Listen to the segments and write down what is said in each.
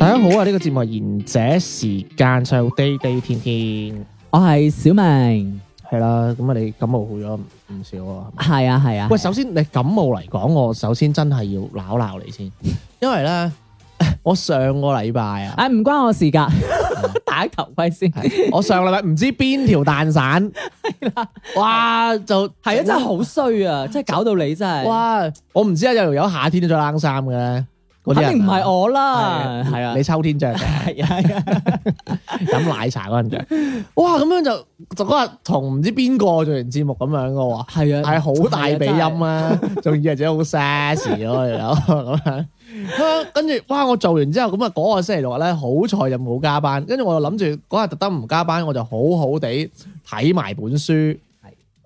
大家好啊！呢個節目係《賢者時間 show day day 天天》，我係小明，係啦。咁啊，你感冒好咗唔少啊。係啊，係啊。喂，首先你感冒嚟講，我首先真係要鬧鬧你先，因為咧，我上個禮拜啊，誒，唔關我事噶，戴頭盔先。我上個禮拜唔知邊條蛋散，係啦，哇，就係啊，真係好衰啊，即係搞到你真係。哇，我唔知啊，有條友夏天都着冷衫嘅。肯定唔係我啦，係啊，你秋天着，係啊，飲 奶茶嗰陣着，哇咁樣就就嗰日同唔知邊個做完節目咁樣噶喎，係啊係好大鼻音啊，仲 以為自己好 sexy 咯咁樣，跟住哇我做完之後咁啊嗰個星期六日咧好彩就冇加班，跟住我就諗住嗰日特登唔加班，我就好好地睇埋本書。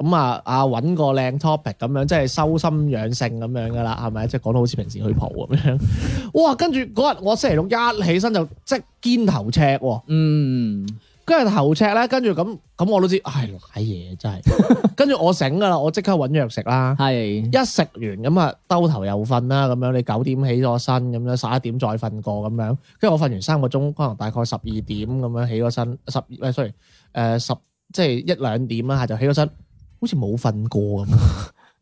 咁啊！啊，揾個靚 topic 咁樣，即係修心養性咁樣噶啦，係咪？即係講到好似平時去蒲咁樣哇！跟住嗰日我星期六一起身就即係肩頭赤喎，嗯，跟住頭赤咧，跟住咁咁我都知唉攋嘢真係。跟住我醒噶啦，我即刻揾藥食啦，係一食完咁啊，兜頭又瞓啦。咁樣你九點起咗身咁樣，十一點再瞓過咁樣，跟住我瞓完三個鐘，可能大概十二點咁樣起咗身，十二喂，sorry 誒，十即係一兩點啦，下就起咗身。好似冇瞓過咁，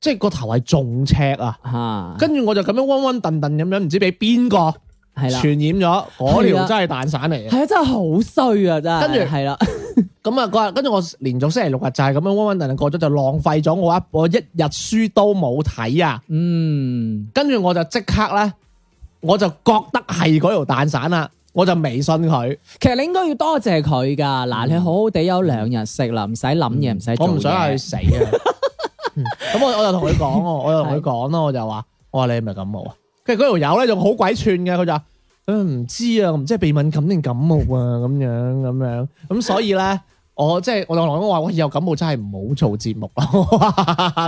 即係個頭係仲赤啊！跟住我就咁樣温温頓頓咁樣，唔知俾邊個傳染咗？嗰條真係蛋散嚟，係啊，真係好衰啊！真係，跟住係啦，咁啊，日跟住我連續星期六日就係咁樣温温頓頓過咗，就浪費咗我一我一日書都冇睇啊！嗯，跟住我就即刻咧，我就覺得係嗰條蛋散啦。我就微信佢，其實你應該要多謝佢噶。嗱、嗯，你好好地有兩日食啦，唔使諗嘢，唔使做嘢。我唔想去死啊！咁我、 嗯、我就同佢講，我 我就同佢講咯，我就話是：我話你係咪感，、哎、感，感冒啊？跟住嗰條友咧就好鬼串嘅，佢就唔知啊，唔知鼻敏感定感冒啊，咁樣咁樣。咁所以咧。 我即係我同老哥話：我，我以後感冒真係唔好做節目啦，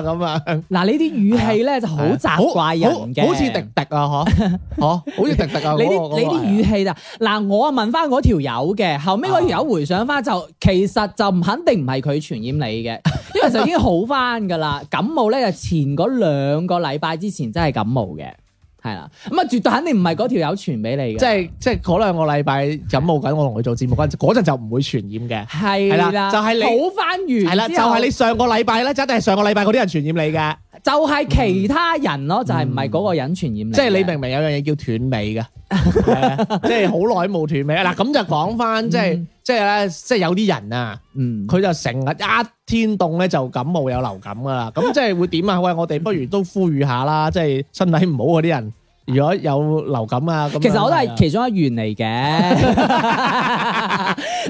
咁啊！嗱，呢啲語氣咧就好責怪人嘅，好似滴滴啊，嗬、 啊，好似滴滴啊！你啲你啲語氣啊！嗱，我啊問翻我條友嘅，後尾，我條友回想翻就，啊、其實就唔肯定唔係佢傳染你嘅，因為就已經好翻噶啦。 感冒咧就前嗰兩個禮拜之前真係感冒嘅。係啦，咁啊，那絕對肯定唔係嗰條友傳俾你嘅。即係即係嗰兩個禮拜感冒緊，我同佢做節目嗰陣，那就唔會傳染嘅。係啦的，就係你好返完。係啦，就係、是、你上個禮拜呢，就一定係上個禮拜嗰啲人傳染你嘅。就係其他人咯，嗯、就係唔係嗰個人傳染嚟、嗯。即係你明唔明有樣嘢叫斷尾嘅？ 即係好耐冇斷尾。嗱，咁就講翻，即係即係咧，即係有啲人啊，佢、嗯、就成日一天凍咧就感冒有流感噶啦。咁即係會點啊？喂，我哋不如都呼籲下啦，即係身體唔好嗰啲人。如果有流感啊，咁其實我都係其中一員嚟嘅，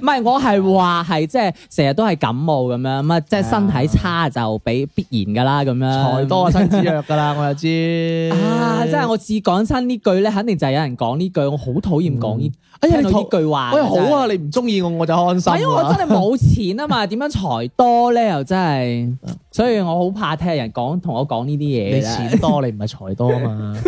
唔係 我係話係即係成日都係感冒咁樣，咁啊即係身體差就比必然噶啦咁樣，財多身子弱噶啦，我又知 啊，即係我自講親呢句咧，肯定就係有人講呢句，我好討厭講呢聽到呢句話，哎呀的、哎、好啊，你唔中意我我就安心、啊，因為我真係冇錢啊嘛，點 樣財多咧又真係。所以我好怕聽人講同我講呢啲嘢嘅。你錢多，你唔係財多嘛？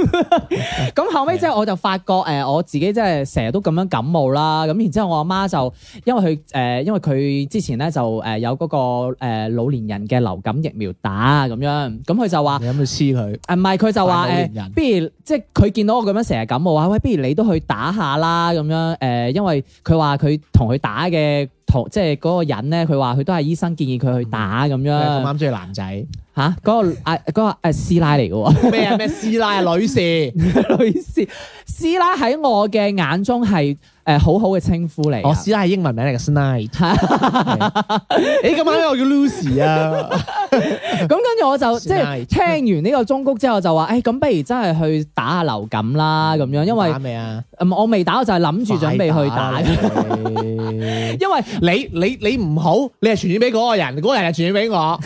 咁 後尾即係我就發覺誒，我自己即係成日都咁樣感冒啦。咁然之後，我阿媽就因為佢誒，因為佢、呃、之前咧就誒有嗰個老年人嘅流感疫苗打咁樣。咁佢就話你諗住黐佢？誒唔係，佢就話誒，不如、呃、即係佢見到我咁樣成日感冒啊，喂，不如你都去打下啦咁樣誒、呃，因為佢話佢同佢打嘅。同即係嗰個人咧，佢話佢都係醫生建議佢去打咁、嗯、樣。咁啱中意男仔吓，嗰、啊嗰個 啊嗰、嗰個誒、啊、師奶嚟嘅喎。咩啊咩師奶啊，女士 女士師奶喺我嘅眼中係。誒、呃、好好嘅稱呼嚟，我師奶係英文名嚟嘅，Snide。係 Sn、 欸，你今晚我叫 Lucy 啊。咁跟住我就 Sn ide. 即係聽完呢個鐘谷之後就話，誒、哎、咁不如真係去打下流感啦咁樣，因為、係咪啊、我未打，我就係諗住準備去打。打 因為你你你唔好，你係傳染俾嗰個人，嗰 個人又傳染俾我。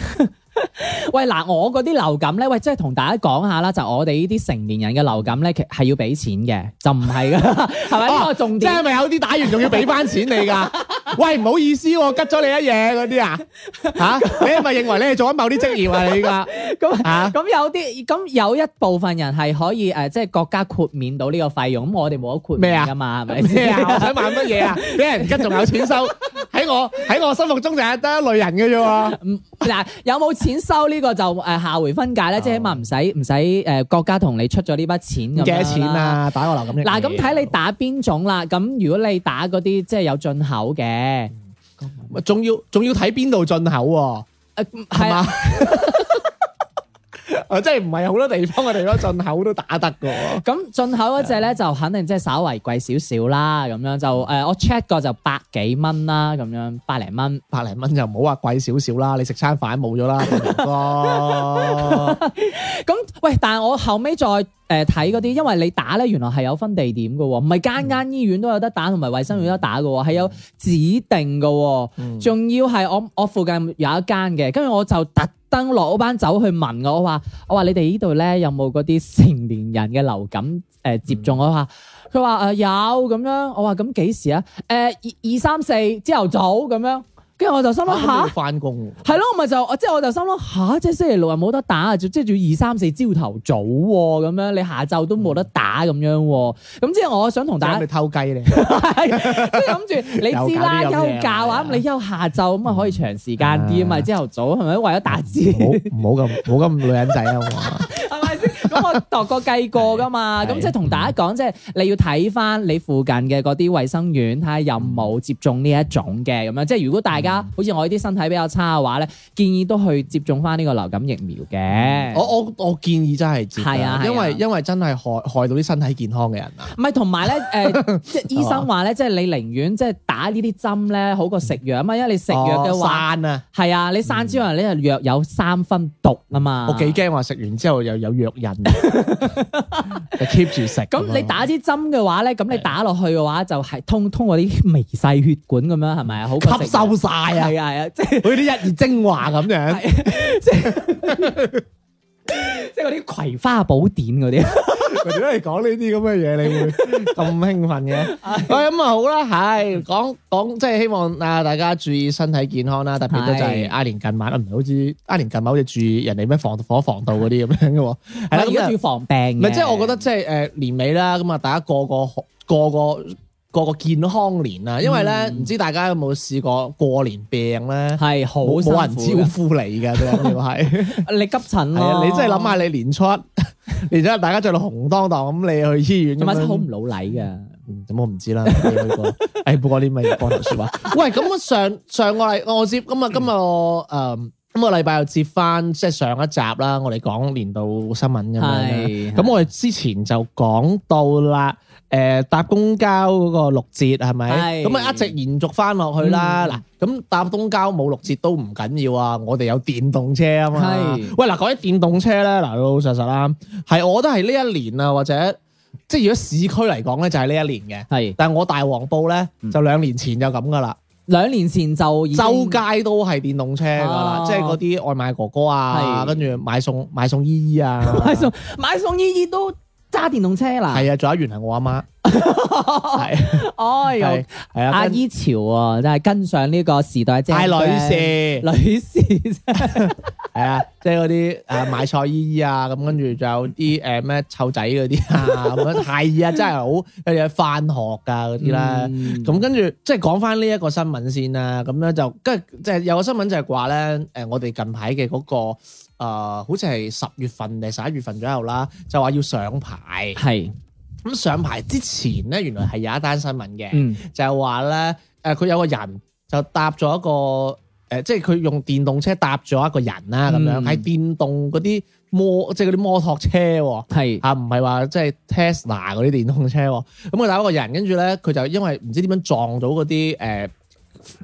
喂，嗱，我嗰啲流感咧，喂，即係同大家講下啦，就我哋呢啲成年人嘅流感咧，其係要俾錢嘅，就唔係噶，係咪？哦，即係咪有啲打完仲要俾翻錢你噶？喂，唔好意思，我拮咗你一嘢嗰啲啊，吓，你係咪認為你係做緊某啲職業啊？你噶咁吓，咁有啲，咁有一部分人係可以誒，即係國家豁免到呢個費用，咁我哋冇得豁免噶嘛，係咪想買乜嘢啊？俾人拮仲有錢收，喺我喺我心目中就係得一類人嘅啫。嗯，嗱，有冇錢？錢收呢個就誒下回分解啦，oh. 即係起碼唔使唔使誒國家同你出咗呢筆錢咁，幾多錢啊，打個留咁嘅。嗱咁睇你打邊種啦，咁、oh. 如果你打嗰啲即係有進口嘅，仲要仲要睇邊度進口喎？係嘛？ 啊、即係唔係好多地方嘅地方進口都打得嘅。咁進 口嗰隻咧就肯定即係稍微貴少少啦，咁樣就誒、呃，我 check 過就百幾蚊啦，咁樣百零蚊，百零蚊就唔好話貴少少啦。你食餐飯冇咗啦，大哥，咁 喂，但係我後尾再誒睇嗰啲，因為你打咧原來係有分地點嘅，唔係間間醫院都有得打，同埋衛生院都有得打嘅，係有指定嘅。嗯。仲要係我我附近有一間嘅，跟住我就特。登落嗰班走去問我，我話，我話你哋呢度咧有冇嗰啲成年人嘅流感、呃、接種？我話，佢話有咁樣，我話咁幾時啊？二三四朝頭早咁樣。跟住我就心諗下，翻工喎，係咯，我咪就，我即係我，我就心諗下、啊，即係星期六日冇得打，即係仲要二三四朝頭早喎、啊，咁樣你下晝都冇得打咁樣、啊，咁即係我想同大家去偷雞咧，即係諗住你知啦，啊、休假啊，咁你休下晝咁啊可以長時間啲啊嘛，朝頭早係咪為咗打字？唔好咁冇咁女人仔啊！ 咁、 嗯、我度過計過噶嘛，咁、嗯嗯、即係同大家講，即、就、係、是、你要睇翻你附近嘅嗰啲衞生院，睇下有冇接種呢一種嘅咁樣。即係如果大家好似、嗯、我呢啲身體比較差嘅話咧，建議都去接種翻呢個流感疫苗嘅。我我我建議真係接係啊，啊因，因為因為真係害害到啲身體健康嘅人啊。唔係同埋咧，誒、呃，即係醫生話咧， 即係你寧願即係打呢啲針咧，好過食藥啊嘛，因為你食藥嘅話，係、哦、啊，啊，你散之後咧，藥有三分毒啊嘛。 我幾驚話食完之後又有藥癮。就 keep 住食。咁 你打支針嘅話咧，咁的你打落去嘅話就係通通過啲微細血管咁樣，係咪啊？好吸收晒啊！係啊係啊，即係嗰啲日月精華咁樣。 是的 即係嗰啲葵花寶典嗰啲，佢哋都係講呢啲咁嘅嘢，你會咁興奮嘅？我咁啊好啦，唉，講講即係希望啊大家注意身體健康啦，特別都就係阿年近晚啊，唔係係好似阿年近晚好似注意人哋咩防火防盜嗰啲咁樣嘅，係咁要防病。唔係即係我覺得即係誒、呃、年尾啦，咁啊大家個個個個，過過過過過個健康年呀，因為咧，唔知大家有冇試過過年病咧？係好冇人招呼你嘅，主要係你急診，你真係諗下你年初，然之後大家着到紅當當，咁你去醫院，咁係真好唔老禮嘅，咁我唔知啦。你去過哎，不過呢啲咪江湖說話。喂，咁我上上個禮我接，咁啊今日，誒，今日禮拜又接翻，即係上一集啦，我哋講年度新聞咁樣。咁我哋之前就講到啦。誒，搭公交嗰個六折係咪？咁啊一直延續翻落去啦。嗱，咁搭公交冇六折都唔緊要啊，我哋有電動車啊嘛。係，喂嗱，講起電動車咧，嗱老老實實啦，係我覺得係呢一年啊，或者即係如果市區嚟講咧，就係呢一年嘅。係，但係我大黃埔咧，就兩年前就咁噶啦，兩年前就周街都係電動車噶啦，即係嗰啲外賣哥哥啊，跟住買餸買餸姨姨啊，買餸買餸姨姨都。揸電動車啦，係啊！仲有原來我阿媽，係哦，係啊，阿姨潮啊，真係跟上呢個時代。大女士，的女士，係 啊，即係嗰啲誒買菜姨姨啊，咁跟住仲有啲誒咩湊仔嗰啲啊，咁係 啊，真係好誒翻學噶嗰啲啦。咁跟住即係講翻呢一個新聞先啦。咁咧就跟住，即係有個新聞就係話咧，誒，我哋近排嘅嗰個。誒、呃，好似係十月份定十一月份左右啦，就話要上牌。係咁是上牌之前咧，原來係有一單新聞嘅，嗯、就係話咧，誒、呃，佢有個人就搭咗一個誒、呃，即係佢用電動車搭咗一個人啦，咁、嗯、樣係電動嗰啲摩，即係嗰啲摩托車喎。是啊，唔係話即係 Tesla 嗰啲電動車，咁、嗯、佢搭一個人，跟住咧佢就因為唔知點樣撞到嗰啲誒。呃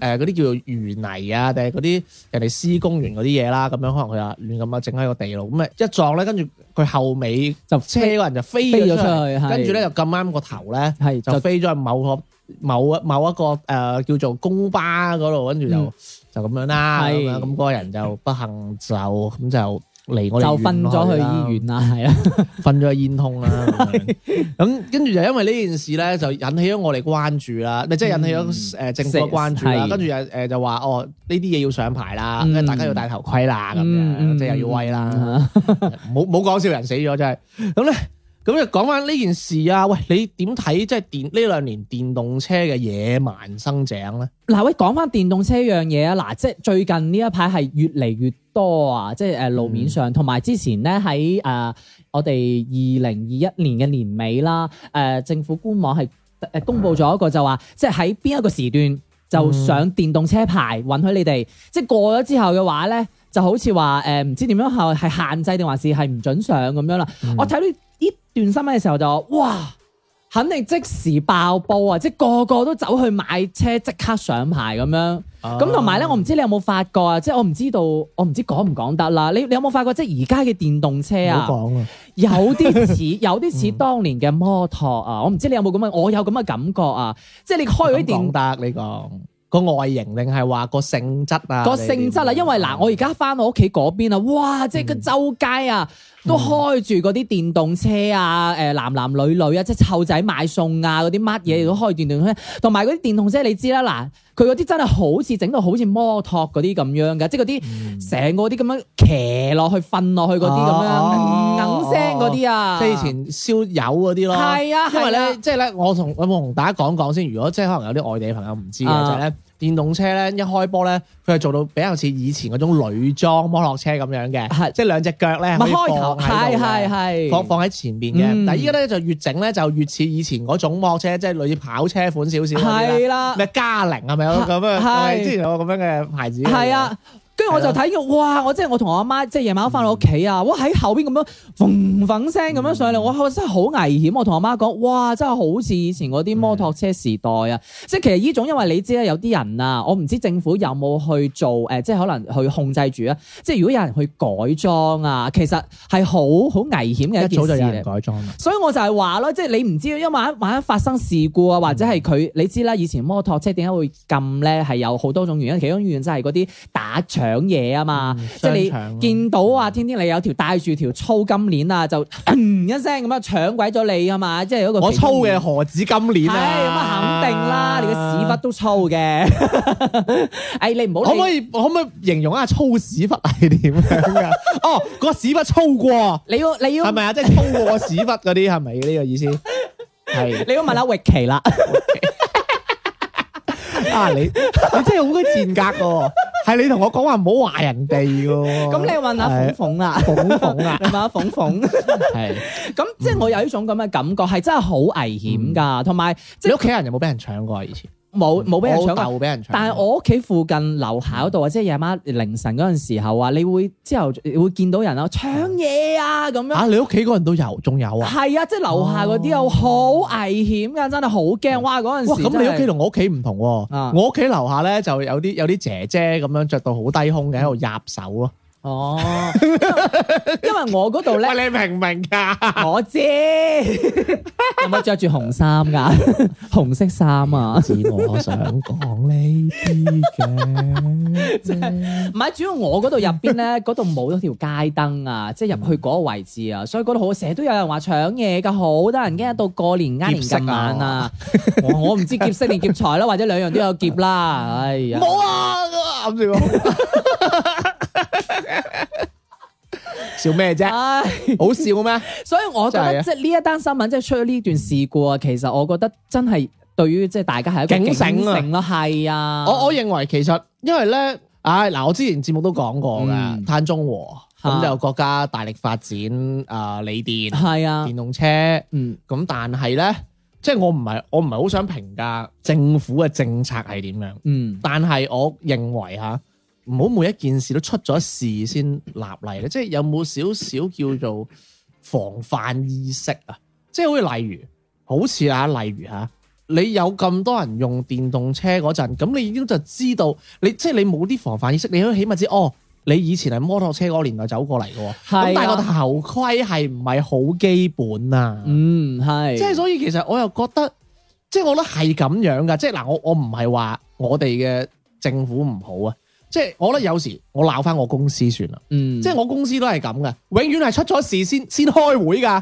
誒，嗰啲、呃、叫做淤泥啊，定係嗰啲人哋施工完嗰啲嘢啦，咁樣可能佢啊亂咁啊整喺個地路，咁咪一撞咧，跟住佢後尾就車嗰人就飛咗出去。出去跟住咧就咁啱個頭咧，係就，就飛咗去某個某啊某一個誒、呃、叫做公巴嗰度，跟住就、嗯、就咁樣啦、啊，咁樣咁嗰個人就不幸就咁就。就瞓咗去醫院啦，係啊，瞓咗去煙通啦。咁跟住就因為呢件事咧，就引起咗我哋關注啦，咪即係引起咗誒政府嘅關注啦。跟住又誒就話哦呢啲嘢要上牌啦，大家要戴頭盔啦，咁樣即係又要威啦。冇冇講笑，人死咗真係。咁咧。咁就講翻呢件事啊，喂，你點睇即係電呢兩年電動車嘅野蠻生長咧？嗱，喂，講翻電動車呢樣嘢啊！嗱，即係最近呢一排係越嚟越多啊！即係誒路面上，同埋、嗯、之前咧喺誒我哋二零二一年嘅年尾啦，誒、呃、政府官網係誒公布咗一個就話，嗯、即係喺邊一個時段就上電動車牌，允許你哋即係過咗之後嘅話咧，就好似話誒唔知點樣係係限制定還是係唔準上咁樣啦。嗯、我睇到斷新聞嘅時候就哇，肯定即時爆煲啊！即個個都走去買車，即刻上牌咁樣。咁同埋咧，我唔知你有冇發覺啊？即我唔知道，我唔知講唔講得啦。你你有冇發覺即而家嘅電動車啊？說有啲似有啲似當年嘅摩托啊！ 嗯、我唔知你有冇咁嘅？我有咁嘅感覺啊！即你開嗰啲電動，得敢你講、這。個個外形定係話個性質啊？個性質啊，因為嗱，我而家翻我屋企嗰邊啊，哇！嗯、即係個周街啊，都開住嗰啲電動車啊，誒、嗯，男男女女臭啊，即係湊仔買餸啊，嗰啲乜嘢都開電動車，同埋嗰啲電動車，你知啦，嗱、啊，佢嗰啲真係好似整到好似摩托嗰啲咁樣㗎，嗯、即係嗰啲成個啲咁樣騎落去瞓落去嗰啲咁樣。啊啊啊啊聲嗰啲啊，哦、即係以前燒油嗰啲咯。係啊， 因為咧，啊、即係咧，我同我同大家講講先。如果即係可能有啲外地朋友唔知嘅、嗯、就係咧，電動車咧一開波咧，佢係做到比較似以前嗰種女裝摩托車咁樣嘅。啊、即係兩隻腳咧。咪開頭係係係放放喺前面嘅。但係依家咧就越整咧就越似以前嗰種摩托車，即係類似跑車款少少。係啦、嗯，咩嘉陵係咪有咁啊？之前有個咁樣嘅牌子。係啊。跟住我就睇到，哇！我即係我同我阿媽，即係夜晚翻到屋企啊！我喺、嗯、後邊咁樣，嗡嗡聲咁樣上嚟，我真係好危險！我同我阿媽講，哇！真係好似以前嗰啲摩托車時代啊！是的 即係其實呢種，因為你知啦，有啲人啊，我唔知政府有冇去做誒、呃，即係可能去控制住啊！即係如果有人去改裝啊，其實係好好危險嘅一件事。早就有人改裝啦。所以我就係話咯，即係你唔知，因為萬一,一發生事故啊，或者係佢，嗯、你知啦，以前摩托車點解會禁咧？係有好多種原因，其中一樣即係嗰啲打場。搶嘢啊嘛，嗯、即係你見到啊，天天你有條帶住條粗金鏈啊，就一聲咁樣搶鬼咗你啊嘛，即係一個。我粗嘅何止金鏈？係咁啊，哎、肯定啦，你個屎忽都粗嘅。 哎，你唔好。可唔可以？可唔可以形容一下粗屎忽係點樣噶？哦， oh, 個屎忽粗過。你要，你要。係咪啊？即係粗過個屎忽嗰啲係咪？呢個意思係。 是你要問下域奇啦。 啊、你你真係好鬼賤格噶、啊，係 你同我講話唔好話人哋噶、啊。咁 你問阿鳳鳳啦，鳳鳳啊， 問阿鳳鳳、啊。係、 嗯，咁 即係我有呢種咁嘅感覺，係真係好危險噶。同埋，即係你屋企人有冇俾人搶過、啊、以前？冇冇俾人搶，人搶但係，我屋企附近樓下嗰度啊，嗯、即係夜晚凌晨嗰陣時候啊，你會之後會見到人咯，搶嘢啊咁樣。嚇、啊！你屋企嗰人都有，仲有啊。係啊，即係樓下嗰啲又好危險嘅、啊，哦、真係好驚。對哇！嗰陣時。哇！咁你屋企同、啊嗯、我屋企唔同喎。我屋企樓下咧就有啲有啲姐姐咁樣着到好低胸嘅喺度入手咯。嗯哦，因為，因為我嗰度咧，你明唔明知 有有 啊？我知，有冇着住紅衫噶？紅色衫啊！我想講呢啲嘅。唔係，主要我嗰度入邊咧，嗰度冇咗條街燈啊，即、就、係、是、入去嗰個位置啊，所以嗰度好，成日都有人話搶嘢噶，好多人驚一到過年挨年近晚啊！我唔知劫色連、啊哦、劫財咯，或者兩樣都有劫啦，哎呀！冇啊，諗、啊、住。啊啊 叫咩啫？好笑咩？所以我覺得即係呢一單新聞，即係出咗呢段事故啊。其實我覺得真係對於即係大家係一個警醒啊。係啊，我我認為其實因為咧，唉嗱，我之前節目都講過㗎，碳中和咁就國家大力發展誒鋰電，係啊電動車。嗯，咁但係咧，即係我唔係我唔係好想評價政府嘅政策係點樣。嗯，但係我認為吓。唔好每一件事都出咗事先立例咧，即係有冇少少叫做防範意識啊？即係好似例如，好似啊，例如嚇、啊，你有咁多人用電動車嗰陣，咁你已經就知道你即係你冇啲防範意識，你都起碼知哦，你以前係摩托車嗰個年代走過嚟嘅喎，咁、啊、但係個頭盔係唔係好基本啊？嗯，係，即係所以其實我又覺得，即係我覺得係咁樣噶，即係嗱，我我唔係話我哋嘅政府唔好啊。即係我覺得有時。我鬧翻我公司算啦，即係我公司都係咁㗎，永遠係出咗事先先開會㗎，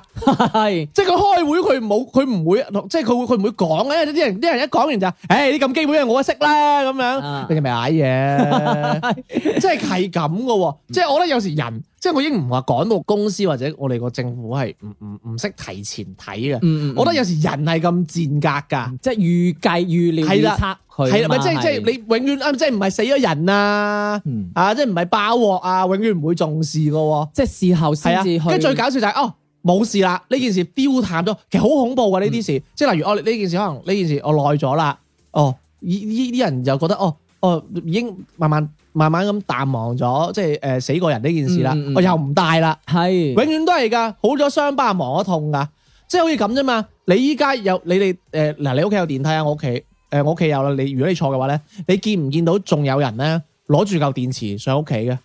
即係佢開會佢冇佢唔會，即係佢佢唔會講嘅，因為啲人啲人一講完就誒啲咁基本嘅我都識啦咁樣，你係咪嗌嘢？即係係咁㗎，即係我覺得有時人，即係我已經唔話講到公司或者我哋個政府係唔唔唔識提前睇嘅，我覺得有時人係咁賤格㗎，即係預計預料預測佢，係咪即係即係你永遠即係唔係死咗人啊？啊即唔係爆鑊啊，永遠唔會重視噶，即係事後事後，先至。跟住最搞笑就係哦，冇事啦，呢件事消淡咗。其實好恐怖噶呢啲事，即係例如哦，呢件事可能呢件事我耐咗啦。哦，依依啲人就覺得哦哦，已經慢慢慢慢咁淡忘咗，即係誒、呃、死過人呢件事啦。我、嗯哦、又唔大啦，係是永遠都係噶，好咗傷疤忘咗痛噶，即係好似咁啫嘛。你依家有你哋誒嗱，你屋企、呃、有電梯啊，我屋企誒我屋企有啦。你如果你錯嘅話咧，你見唔見到仲有人咧？攞住嚿電池上屋企嘅？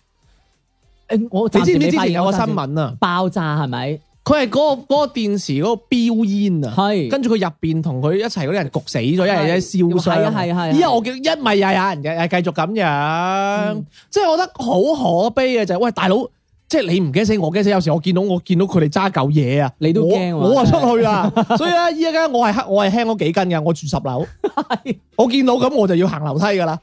誒，我你知唔知之前有個新聞啊，爆炸係咪？佢係嗰個嗰個電池嗰個標煙啊，係。跟住佢入邊同佢一齊嗰啲人焗死咗，一人一燒死，係係。以後我見一咪又有人，誒誒，繼續咁樣，即係我覺得好可悲啊。就係，喂大佬，即係你唔驚死，我驚死。有時我見到我見到佢哋揸嚿嘢啊，你都驚，我啊出去啊。」所以咧，依家間我係黑，我係輕咗幾斤噶，我住十樓，我見到咁我就要行樓梯噶啦。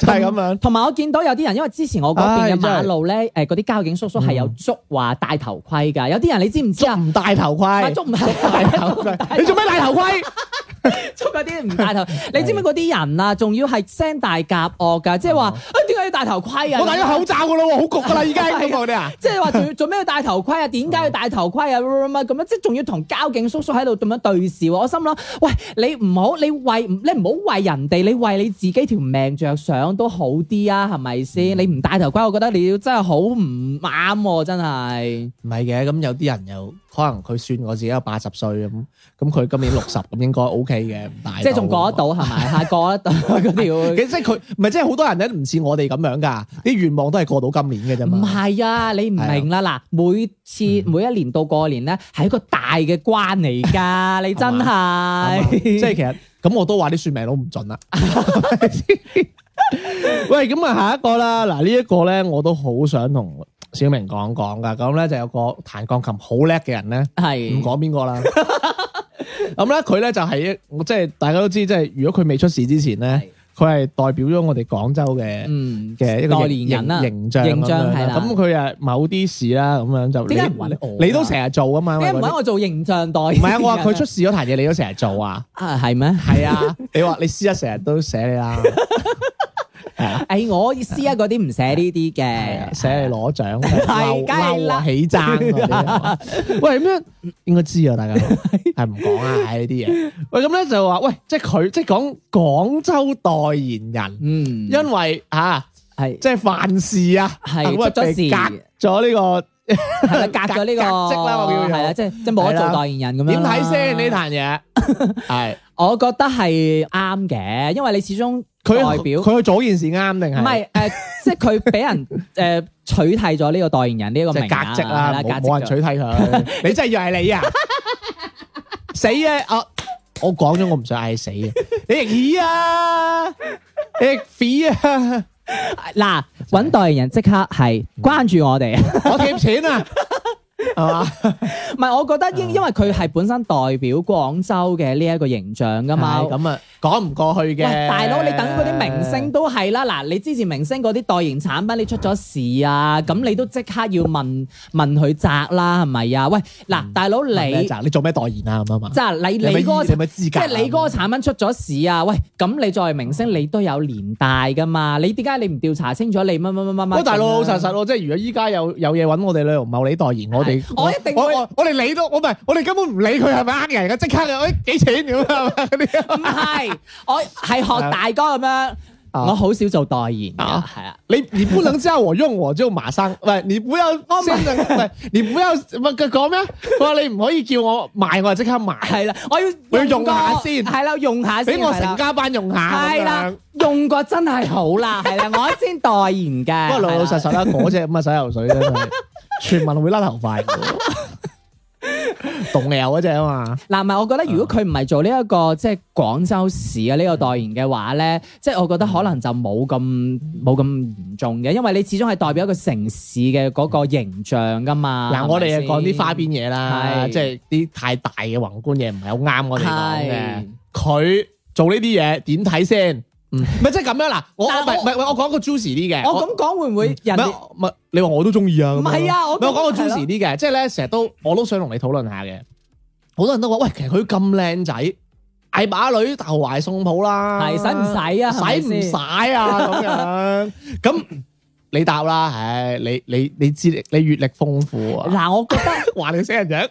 就係咁樣，同埋我見到有啲人，因為之前我嗰邊嘅馬路咧，誒、啊，嗰啲交警叔叔係有捉話戴頭盔噶，嗯、有啲人你知唔知啊？捉唔戴頭盔， 捉唔戴頭盔，你做咩戴頭盔？ 捉嗰啲唔戴頭， 對 你知唔知嗰啲人啊，仲要係聲大夾惡噶，即係話啊，點解、哦哎、要戴頭盔啊？我戴咗口罩噶啦，好焗噶啦，而家，咁嗰啲啊，即係話仲要做咩要戴頭盔啊？點解 對、就是、要戴頭盔啊？咁樣即係仲要同交警叔叔喺度咁樣對視，我心諗喂，你唔好你為你唔好為人哋，你為你自己條命着想都好啲啊，係咪先？嗯、你唔戴頭盔，我覺得你要真係好唔啱、啊，真係唔係嘅，咁有啲人又。可能佢算我自己有八十歲咁，咁佢今年六十咁，應該 OK 嘅，唔大即係仲過得到係咪？係過得到嗰條，即係佢唔係，即係好多人咧唔似我哋咁樣噶，啲願望都係過到今年嘅啫嘛。唔係啊，你唔明啦嗱，每次每一年到過年咧，係一個大嘅關嚟噶，你真係。即係其實咁，我都話啲算命佬唔準啦。喂，咁啊下一個啦，嗱呢一個咧，我都好想同。小明講講噶，咁咧就有個彈鋼琴好叻嘅人咧，係唔講邊個啦。咁咧佢咧就係、是、一，即係大家都知，即係如果佢未出事之前咧，佢係代表咗我哋廣州嘅嘅一個一個、嗯、代言人啦、啊，形象，形象係啦。咁佢啊某啲事啦，咁樣就點解唔搵你？都成日做啊嘛，你唔搵我做形象代言？唔係 啊，我話佢出事咗壇嘢，你都成日做啊？啊係咩？係啊，你話你試一成日都寫你啦。 係啊，誒，我意思啊嗰啲唔寫呢啲嘅，寫嚟攞獎，係梗係起爭。喂，咁樣？應該知啊，大家係唔講啊呢啲嘢。喂，咁咧就話，喂，即係佢即係講廣州代言人，嗯，因為吓係即係犯事啊，係出咗事，隔咗呢個，隔咗呢個職啦，我叫係啦，即係即係冇得做代言人咁樣。點睇先呢壇嘢？係。我覺得係啱嘅，因為你始終佢代表佢去做件事啱定係唔係？誒、呃，即係佢俾人誒、呃、取締咗呢個代言人呢個格職啦、啊，冇人取締佢。你真係以為係你啊！ 死啊！我我講咗我唔想嗌你死嘅。你係啊？你係啊？嗱、啊，揾代言人即刻係關注我哋、嗯。我欠錢啊！ 啊，唔係， 我覺得因因為佢係本身代表廣州嘅呢一個形象噶嘛，咁啊講唔過去嘅。喂，大佬你等嗰啲明星都係啦，嗱，你之前明星嗰啲代言產品你出咗事啊，咁你都即刻要問問佢責啦，係咪啊？喂，嗱，大佬你，你做咩代言啊咁啊嘛？責你、就是、你嗰即係你嗰個產品出咗事啊？喂，咁你作為明星你都有連帶噶嘛？你點解你唔調查清楚你什麼什麼什麼、啊？你乜乜乜乜乜？大佬老老實實咯，即係如果依家有有嘢揾我哋旅遊冇你代言我。是我一定我我哋理都我唔係我哋根本唔理佢係咪呃人㗎，即刻有啲幾錢咁樣嗰啲。唔係我係學大哥咁樣，我好少做代言啊。係啊，你你不能叫我用，我就馬上唔係你不要慢慢等，唔係你不要乜嘅講咩？佢話你唔可以叫我賣，我就即刻賣。係啦，我要我要用下先，係啦，用下，俾我成家班用下。係啦，用過真係好啦，係啦，我先代言嘅。不過老老實實啦，嗰隻咁嘅洗頭水咧。全民會甩頭髮， 動搖嗰隻啊嘛。嗱、啊，唔係，我覺得如果佢唔係做呢、這、一個即係廣州市啊呢個代言嘅話咧，嗯、即係我覺得可能就冇咁冇咁嚴重嘅，因為你始終係代表一個城市嘅嗰個形象噶嘛。嗱，我哋啊講啲花邊嘢啦，是是即係啲太大嘅宏觀嘢唔係好啱我哋講嘅。佢是是做呢啲嘢點睇先？唔咪即係咁樣啦，我我唔咪喂，我講個 juicy 啲嘅，我咁講會唔會人？唔咪你話我都中意啊！唔係啊，我我講個 juicy 啲嘅，即係咧成日都我都想同你討論下嘅。好多人都話喂，其實佢咁靚仔，大把女投懷送抱啦，係使唔使啊？使唔使啊？咁樣咁你答啦，唉，你你你知你閱歷豐富啊？嗱，我覺得話你死人仔，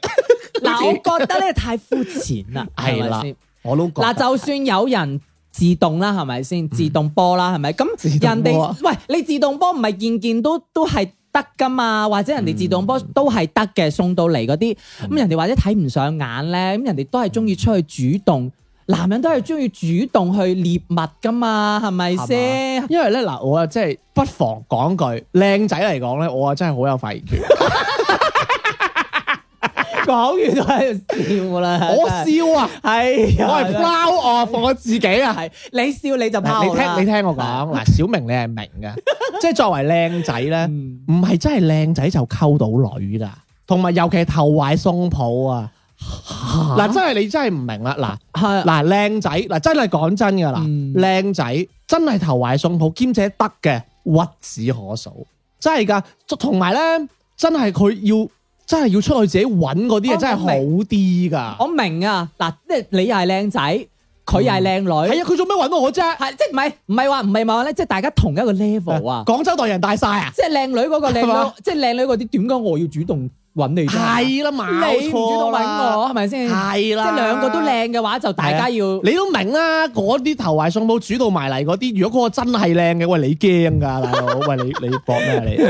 嗱，我覺得咧太膚淺啦，係咪先？我都嗱，就算有人。自動啦，係咪先？自動波啦，係咪？咁人哋喂，你自動波唔係件件都都係得噶嘛？或者人哋自動波都係得嘅，送到嚟嗰啲。咁人哋或者睇唔上眼咧，咁人哋都係中意出去主動，男人都係中意主動去獵物噶嘛，係咪先？吧因為咧嗱，我啊真係不妨講句，靚仔嚟講咧，我啊真係好有發言權。 講完都喺度笑啦，我笑啊，係我係拋我我自己啊，係你笑你就拋。你聽你聽我講嗱，小明你係明嘅，即係作為靚仔咧，唔係真係靚仔就溝到女噶，同埋尤其係頭懷松抱啊，嗱真係你真係唔明啦，嗱嗱靚仔嗱真係講真噶啦，靚仔真係投懷送抱，兼且得嘅屈指可數，真係噶，同埋咧真係佢要。真係要出去自己揾嗰啲嘢，真係好啲噶。我明啊，嗱、嗯啊啊，即係你又係靚仔，佢又係靚女，係啊，佢做咩揾到我啫？係即係唔係唔係話唔係話咧，即係大家同一個 level 啊。呃、廣州代人大晒啊！即係靚女嗰個靚女，吧即係靚女嗰啲，點解我要主動？揾嚟，係啦，冇錯，揾我係咪先？係啦，即係兩個都靚嘅話，就大家要你都明啦。嗰啲投懷送抱、主動埋嚟嗰啲，如果嗰個真係靚嘅，喂，你驚㗎大佬，喂，你你搏咩？你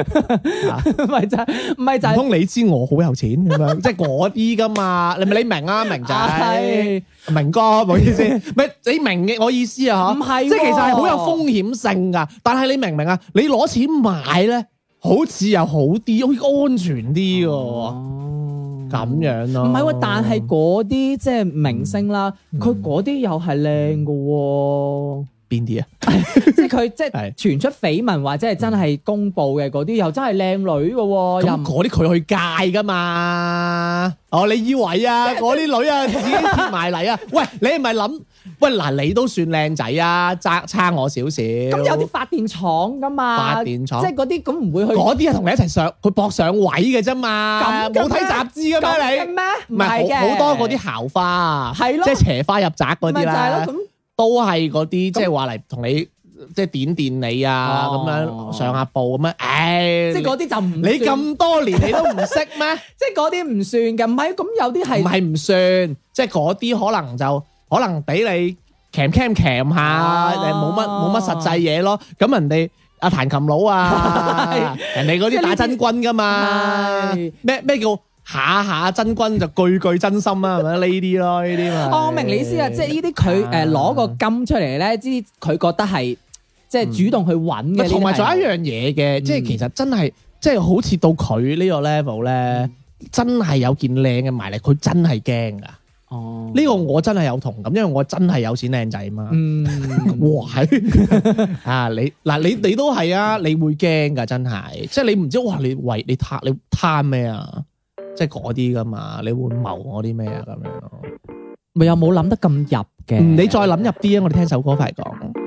唔係就唔係就通你知我好有錢咁樣，即係嗰啲㗎嘛，你咪你明啊，明仔，明哥，唔好意思，唔係你明嘅我意思啊，嚇，唔係，即係其實係好有風險性㗎，但係你明唔明啊？你攞錢買咧？好似又好啲，好似安全啲喎，咁、哦、樣咯、啊。唔係喎，但係嗰啲即係明星啦，佢嗰啲又係靚嘅喎。邊啲啊？些啊 哎、即係佢即係傳出緋聞或者係真係公布嘅嗰啲，又真係靚女嘅喎。咁嗰啲佢去戒噶嘛？哦，你以為啊？ 我啲女啊，自己貼埋嚟啊？喂，你係咪諗？喂，嗱，你都算靚仔啊，差差我少少。咁有啲發電廠噶嘛？發電廠即係嗰啲，咁唔會去。嗰啲係同你一齊上，佢搏上位嘅啫嘛。咁冇睇雜誌噶嘛？你唔係好多嗰啲校花，即係斜花入宅嗰啲啦。就係咯，咁都係嗰啲，即係話嚟同你即係點點你啊，咁樣上下步咁樣。誒，即係嗰啲就唔。你咁多年你都唔識咩？即係嗰啲唔算嘅，唔係咁有啲係唔係唔算，即係嗰啲可能就。可能俾你 cam cam cam 下，誒，冇乜冇乜實際嘢咯。咁人哋阿彈琴佬啊，人哋嗰啲打真軍噶嘛。咩咩叫下下真軍就句句真心啊？係咪呢啲咯？呢啲啊，我明你意思啊，即係呢啲佢，誒，攞個金出嚟咧，即佢覺得係即係主動去揾嘅。同埋仲有一樣嘢嘅，即係其實真係即係好似到佢呢個 level 咧，真係有件靚嘅埋嚟，佢真係驚噶。哦，呢個我真係有同感，因為我真係有錢靚仔嘛。嗯、 哇 啊，你嗱你你都係啊，你會驚噶，真係，即係你唔知哇，你喂，你貪你貪咩啊？即係嗰啲噶嘛，你會謀我啲咩啊？咁樣咯咪又冇諗得咁入嘅、嗯？你再諗入啲啊！我哋聽首歌返嚟講。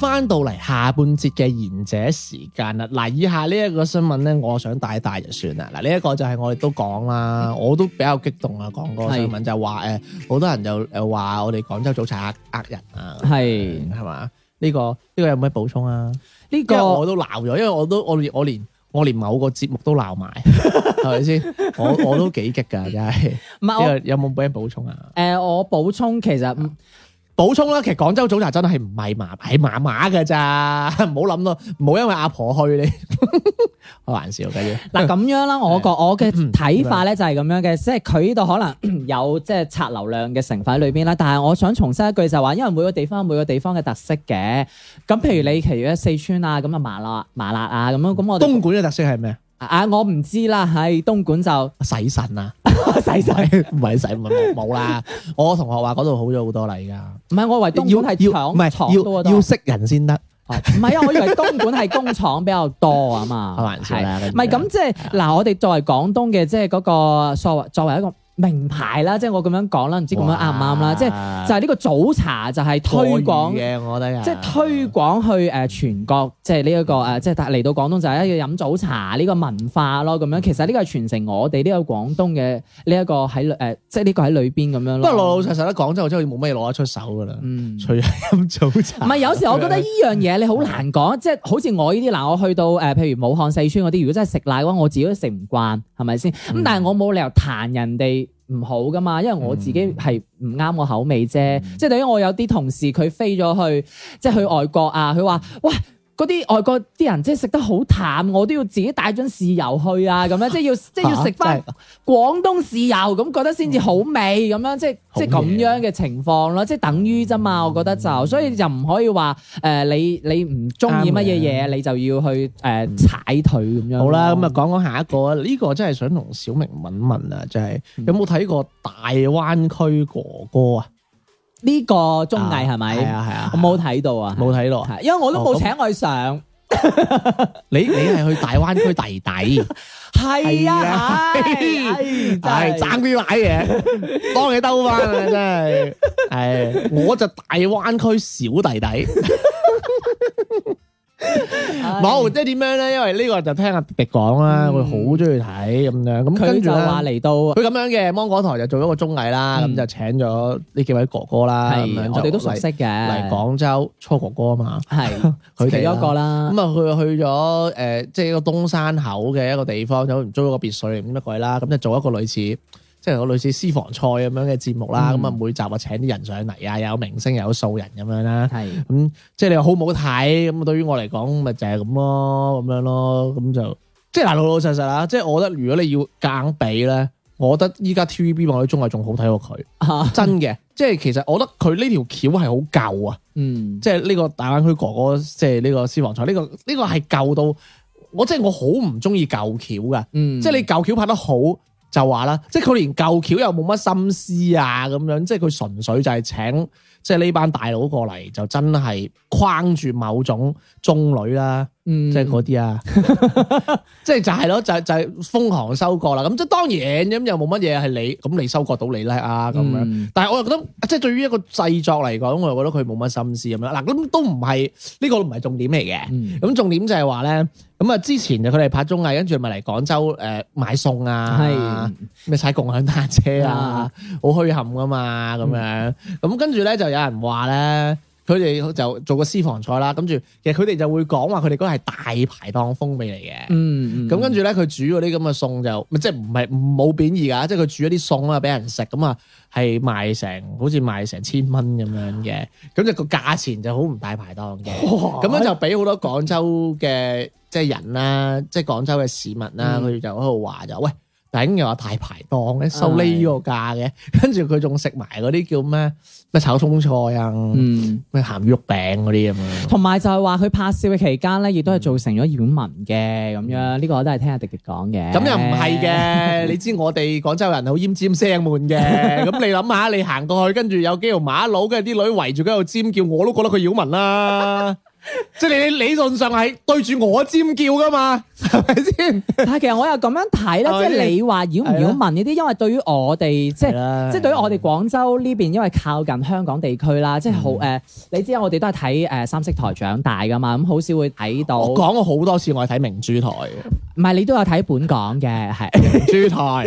翻到嚟下半節嘅賢者時間啦，嗱以下呢一個新聞咧，我想帶帶就算啦。嗱呢一個就係我哋都講啦，我都比較激動啊，講個新聞是就話誒，好多人就誒話我哋廣州早茶呃人啊，係係嘛？呢、這個呢、這個有咩補充啊？呢、這個我都鬧咗，因為我都我我連我連某個節目都鬧埋，係咪先？我我都幾激噶，真係。我有冇俾人補充、呃、補充啊？誒，我補充其實補充啦，其實廣州早茶真係唔係麻，係麻麻嘅咋，唔好諗咯，唔好因為阿婆，婆去你， 開玩笑嘅啫。嗱咁樣啦，我覺我嘅睇法咧就係咁樣嘅，即係佢呢度可能有即係拆流量嘅成分喺裏邊啦。但係我想重申一句就係話，因為每個地方有每個地方嘅特色嘅，咁譬如你其如四川啊，咁啊麻辣麻辣啊咁樣，咁我哋東莞嘅特色係咩？啊！我唔知啦，喺東莞就洗腎啊， 洗腎唔係洗唔係冇啦。我同學話嗰度好咗好多啦，而家唔係我以為東莞係廠，唔係要，要，要識人先得，唔係啊！我以為東莞係工廠比較多 是啊嘛，開玩笑啦。唔係咁即係嗱，我哋作為廣東嘅即係嗰個作作為一個。名牌啦，即係我咁樣講啦，唔知咁樣啱唔啱啦。哇即係就係呢個早茶，就係推廣，我即係推廣去誒全國，嗯、即係呢一個誒，即係嚟到廣東就係要飲早茶呢個文化咯。咁樣其實呢個係傳承我哋呢個廣東嘅呢一個喺誒、呃，即係呢個喺裏邊咁樣咯。不過老老實實咧講，真我真係冇咩攞得出手㗎啦，嗯、除咗飲早茶。 唔係有時我覺得呢樣嘢你難 好難講，即係好似我呢啲嗱，我去到誒譬如武漢、四川嗰啲，如果真係食奶嘅話，我自己都食唔慣，係咪先？咁、嗯、但係我冇理由彈人哋。唔好㗎嘛，因為我自己係唔啱我口味啫，嗯、即係等於我有啲同事佢飛咗去，即係去外國啊，佢話，喂。嗰啲外國啲人即係食得好淡，我都要自己帶樽豉油去啊！咁樣即係要即係要食翻廣東豉油，咁覺得先至好味咁、嗯、樣，即係即係咁樣嘅情況咯，嗯、即係等於啫嘛。我覺得就係、所以就唔可以話誒你你唔中意乜嘢嘢，確你就要去誒、呃、踩腿咁樣。好啦，咁啊講講下一個啊，呢、呢個真係想同小明問問啊，就係有冇睇過大灣區哥哥啊？呢個綜藝係咪？係啊係啊，我冇睇到啊，冇睇咯。因為我都冇請我去上、哦 你。你你係去大灣區弟弟，係 啊係係爭啲買嘢，幫你兜翻啊真係。係、哎、我就大灣區小弟弟。 冇，即係點樣咧？因為呢個就聽阿迪迪講啦，我好中意睇咁樣。咁、嗯、跟住咧，話嚟到佢咁樣嘅芒果台就做咗個綜藝啦。咁、嗯、就請咗呢幾位哥哥啦。咁是樣就我哋都熟悉嘅嚟廣州初哥哥啊嘛。係佢哋一個啦。咁啊，去去咗誒，即、就、係、是、一個東山口嘅一個地方，就租咗個別墅，唔知乜鬼啦。咁就做一個類似。即係個類似私房菜咁樣嘅節目啦，咁啊、嗯、每集啊請啲人上嚟啊，有明星又有素人咁樣啦。係的，咁、嗯、即係你話好唔好睇？咁啊對於我嚟講，咪就係咁咯，咁樣咯，咁就即係嗱老老實實啦。即係我覺得如果你要硬比咧，我覺得依家 TVB 望喺中藝仲好睇過佢，真嘅。即係其實我覺得佢呢條橋係好舊啊。嗯，即係呢個大灣區哥哥，即係呢個私房菜，呢、呢個呢、呢個係舊到我即係我好唔中意舊橋噶。即係、嗯、你舊橋拍得好。就話啦，即係佢連舊橋又冇乜心思啊，噉樣，即係佢純粹就係請，即係呢班大佬過嚟，就真係框住某種中女啦。即係嗰啲啊，即 係就係咯，就係、就係、係、瘋狂收割啦。咁即係當然咁又冇乜嘢，係你咁你收割到你叻啊咁樣。但係我又覺得即係對於一個製作嚟講，我又覺得佢冇乜心思咁樣。嗱咁都唔係呢個唔係重點嚟嘅。咁重點就係話咧咁啊，之前就佢哋拍綜藝，跟住咪嚟廣州誒買餸啊，係咪踩共享單車啊，好墟冚噶嘛咁樣。咁跟住咧就有人話咧。佢哋就做個私房菜啦，跟住其實佢哋就會講話佢哋嗰個係大排檔風味嚟嘅。嗯，嗯，咁跟住咧，佢煮嗰啲咁嘅餸就即係唔係冇貶義㗎，即係佢煮一啲餸啦，俾人食，咁啊係賣成好似賣成千蚊咁樣嘅，咁就個價錢就好唔大排檔嘅。咁哇樣就俾好多廣州嘅即係人啦，即係廣州嘅市民啦，佢哋就喺度話就喂。頂，又話大排檔咧，收呢個價嘅，跟住佢仲食埋嗰啲叫咩咩炒蔥菜啊，咩鹹魚肉餅嗰啲咁咯。同埋就係話佢拍攝嘅期間咧，亦都係造成咗擾民嘅咁樣。呢、這個我都係聽阿迪迪講嘅。咁又唔係嘅， 你知我哋廣州人好奄尖聲悶嘅。咁 你諗下，你行過去，跟住有幾條馬路，跟住啲女圍住喺度尖叫，我都覺得佢擾民啦。 即係你理論上係對住我尖叫噶嘛，係咪先？但係其實我又咁樣睇咧，即係你話要唔要問呢啲？因為對於我哋，啊、即係、啊、即係對於我哋廣州呢邊，因為靠近香港地區啦，即係好誒，啊嗯、你知我哋都係睇誒三色台長大噶嘛，咁好少會睇到。我講過好多次，我係睇明珠台嘅。唔係你都有睇本港嘅，係、啊、明，明珠台，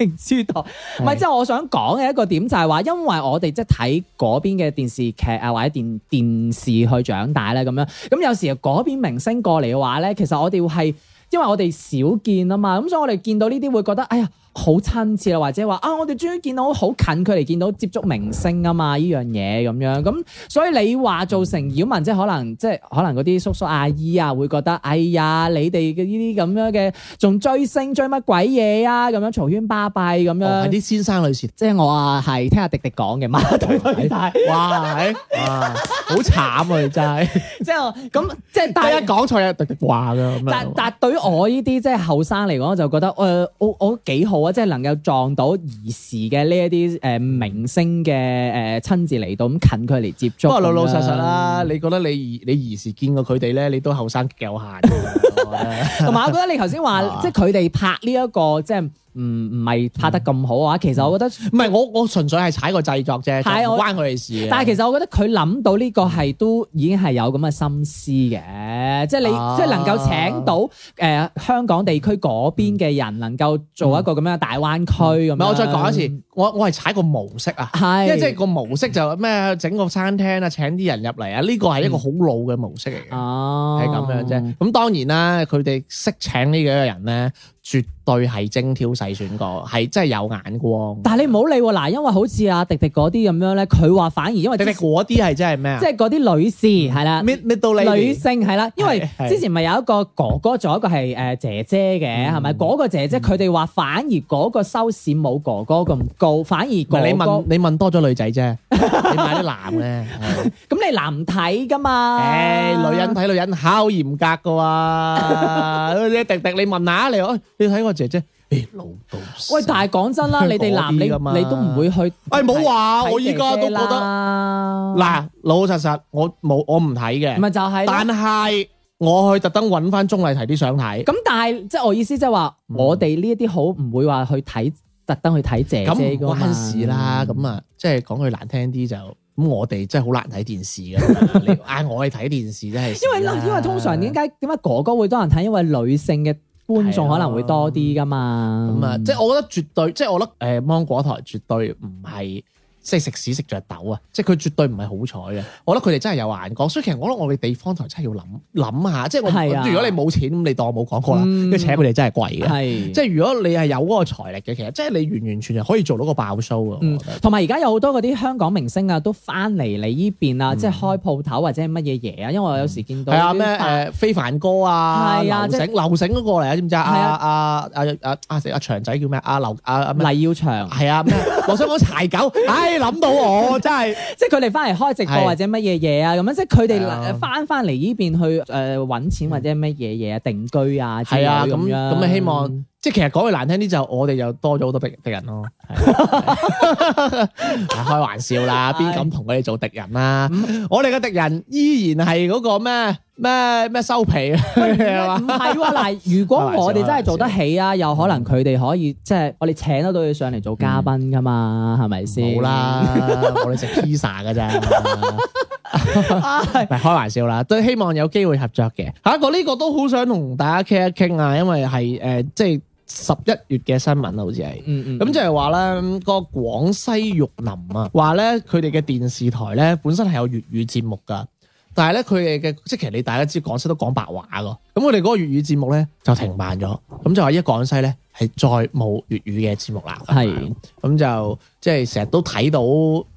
明珠台。唔係，即係我想講嘅一個點就係話，因為我哋即係睇嗰邊嘅電視劇啊，或者電電視去長大咧。咁樣，咁有時候嗰邊明星過嚟嘅話咧，其實我哋會係，因為我哋少見啊嘛，咁所以我哋見到呢啲會覺得，哎呀～好親切啦，或者話啊，我哋終於見到好近距離見到接觸明星啊嘛！呢樣嘢咁樣咁，所以你話造成擾民，即係可能即係可能嗰啲叔叔阿姨啊，會覺得哎呀，你哋嘅呢啲咁樣嘅，仲追星追乜鬼嘢啊？咁樣嘈喧巴閉咁樣。啲、哦、先生女士，即係我啊，係聽阿迪迪講嘅，嘛、哦。腿太太，哇，係啊，好慘啊，真係， 即係咁，即係大家講錯嘢話啦。但但對於我呢啲即係後生嚟講，我就覺得誒、呃，我我幾好啊。我即係能夠撞到兒時嘅呢一啲誒明星嘅誒、呃、親自嚟到咁近佢嚟接觸，不過老老實實啦，你覺得你兒你兒時見過佢哋咧，你都後生極有限㗎。同埋 我覺得你頭先話即係佢哋拍呢、這、一個即係。唔唔係拍得咁好啊。嗯、其實我覺得唔係我我純粹係踩個製作啫，唔對關佢哋事。但係其實我覺得佢諗到呢個係都已經係有咁嘅心思嘅，即係你、啊、即係能夠請到誒、呃、香港地區嗰邊嘅人，能夠做一個咁樣嘅大灣區咁。唔係、嗯嗯、樣我再講一次，我我係踩個模式啊，因為即係個模式就咩整個餐廳、這個、啊，請啲人入嚟啊，呢個係一個好老嘅模式嚟嘅，係咁樣啫。咁當然啦，佢哋識請呢幾個人咧。絕對係精挑細選過，係真係有眼光。但係你唔好理喎，嗱，因為好似阿迪迪嗰啲咁樣咧，佢話反而因為迪迪嗰啲係真係咩啊？即係嗰啲女士係啦，咩咩道理？女性係啦，因為之前咪有一個哥哥，仲有一個係誒姐姐嘅，係咪？嗰個姐姐佢哋話反而嗰個收視冇哥哥咁高，反而唔係你問你問多咗女仔啫，你買啲男嘅，咁你男睇噶嘛？誒，女人睇女人好嚴格噶喎，啲迪迪你問下你。你睇我姐姐，誒老到死。喂，但係講真啦，你哋男你你都唔會去。誒，冇話，我依家都覺得，嗱，老老實實，我冇，我唔睇嘅。咪就係。但係我去特登揾翻鍾麗緹啲相睇。咁但係即係我意思即係話，我哋呢一啲好唔會話去睇，特登去睇姐姐嗰陣時啦。咁啊，即係講句難聽啲就咁，我哋真係好難睇電視嘅。你嗌我去睇電視真係。因為因為通常點解點解哥哥會多人睇，因為女性嘅。觀眾可能會多啲㗎嘛，咁啊，嗯嗯、う即係我覺得絕對，嗯、即係我覺得誒、嗯、芒果台絕對唔係。即係食屎食着豆啊！即係佢絕對唔係好彩嘅，我覺得佢哋真係有眼光。所以其實我覺得我哋地方台真係要諗諗下，即係我諗，如果你冇錢，咁你當我冇講過啦。跟住請佢哋真係貴嘅。係，即係如果你係有嗰個財力嘅，其實即係你完完全全可以做到個爆 show 嘅。同埋而家有好多嗰啲香港明星啊，都翻嚟你呢邊啊，即係開鋪頭或者係乜嘢嘢啊。因為我有時見到係啊咩誒非凡哥啊，係啊，劉醒劉醒都過嚟啊，知唔知啊，啊阿阿阿祥仔叫咩，阿劉啊，黎耀祥係啊，我想講柴狗，諗到我真係， 即係佢哋翻嚟開直播或者乜嘢嘢啊，咁樣的即係佢哋翻翻嚟呢邊去誒搵、呃、錢或者乜嘢嘢啊定居啊，係啊咁咁咪希望。即係其實講句難聽啲就我哋又多咗好多敵敵人咯，開玩笑啦，邊敢同佢哋做敵人啦？我哋嘅敵人依然係嗰個咩咩咩收皮啊？唔係喎，嗱，如果我哋真係做得起啊，有可能佢哋可以即係我哋請得到佢上嚟做嘉賓噶嘛？係咪先？好啦，我哋食披薩㗎啫。咪 開玩笑啦，都希望有機會合作嘅。下一個呢個都好想同大家傾一傾啊，因為係誒、呃，即係十一月嘅新聞好似係，咁、嗯嗯、就係話咧個廣西玉林啊，話咧佢哋嘅電視台咧本身係有粵語節目噶。但係咧，佢哋嘅即係其實你大家知廣西都講白話咯，咁佢哋嗰個粵語節目咧就停辦咗，咁、嗯、就話一個廣西咧係再冇粵語嘅節目啦。係，咁就即係成日都睇到，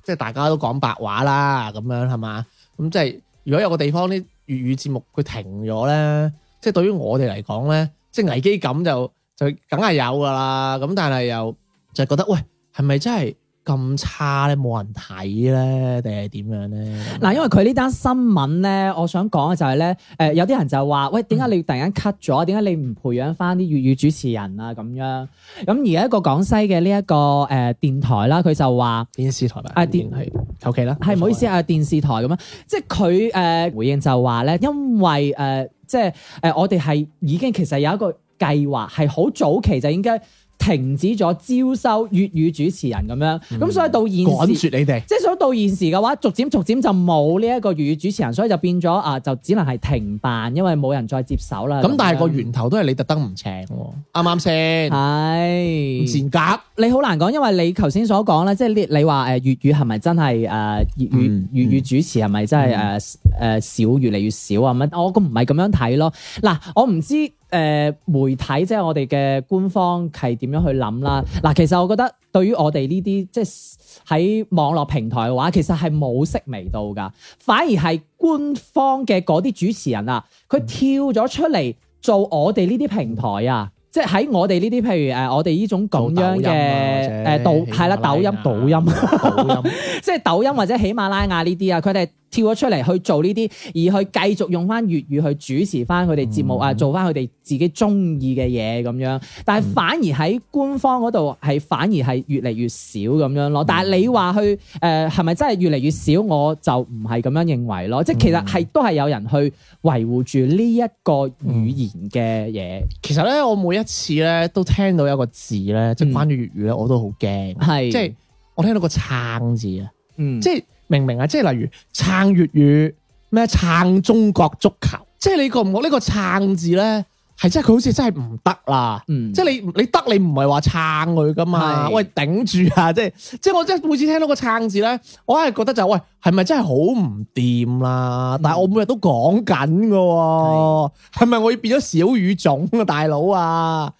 即係大家都講白話啦，咁樣係嘛？咁即係如果有個地方啲粵語節目佢停咗咧，即係對於我哋嚟講咧，即係危機感就就梗係有㗎啦。咁但係又就覺得喂，係咪真係？咁差咧，冇人睇咧，定係點樣咧？嗱，因為佢呢單新聞咧，我想講嘅就係咧，誒，有啲人就係話，喂，點解你突然間 cut 咗？點解你唔培養翻啲粵語主持人啊？咁樣咁而家一個廣西嘅呢一個誒電台啦，佢就話電視台啊，係電視，求其啦，係唔好意思啊，電視台咁啊，即係佢誒回應就話咧，因為誒、呃，即係誒，呃、我哋係已經其實有一個計劃，係好早期就應該。停止咗招收粵語主持人咁樣，咁、嗯、所以到現時趕絕你哋，即係所以到現時嘅話，逐漸逐漸就冇呢一個粵語主持人，所以就變咗啊，就只能係停辦，因為冇人再接手啦。咁但係個源頭都係你特登唔請喎，啱啱先？係賤格，你好難講，因為你頭先所講咧，即係你你話誒粵語係咪真係誒粵粵粵語主持係咪真係誒誒少越嚟越少啊？乜？我個唔係咁樣睇咯。嗱，我唔知。誒、呃、媒體即係我哋嘅官方係點樣去諗啦？嗱，其實我覺得對於我哋呢啲即係喺網絡平台嘅話，其實係冇知名度噶，反而係官方嘅嗰啲主持人、嗯、這這啊，佢跳咗出嚟做我哋呢啲平台啊，即係喺我哋呢啲譬如誒，我哋呢種咁樣嘅誒抖係啦，對抖音、抖音，抖音 即係抖音或者喜馬拉，拉雅呢啲啊，佢哋。跳咗出嚟去做呢啲，而去繼續用翻粵語去主持翻佢哋節目、嗯、啊，做翻佢哋自己中意嘅嘢咁樣。但係反而喺官方嗰度係，反而係越嚟越少咁樣咯。但係你話去誒係咪真係越嚟越少，我就唔係咁樣認為咯。即係其實係、嗯、都係有人去維護住呢一個語言嘅嘢、嗯。其實咧，我每一次咧都聽到一個字咧，即係關於粵語咧，我都好驚。係，即係我聽到個撐字啊。嗯，即係。明唔明啊？即係例如撐粵語咩撐中國足球，即係你覺唔覺呢個撐字咧係真係佢好似真係唔得啦？嗯，即係你你得你唔係話撐佢噶嘛？係，喂，頂住啊！即係即係我即係每次聽到個撐字咧，我係覺得就係喂係咪真係好唔掂啦？但係我每日都講緊噶喎，係咪我要變咗小語種啊，大佬啊？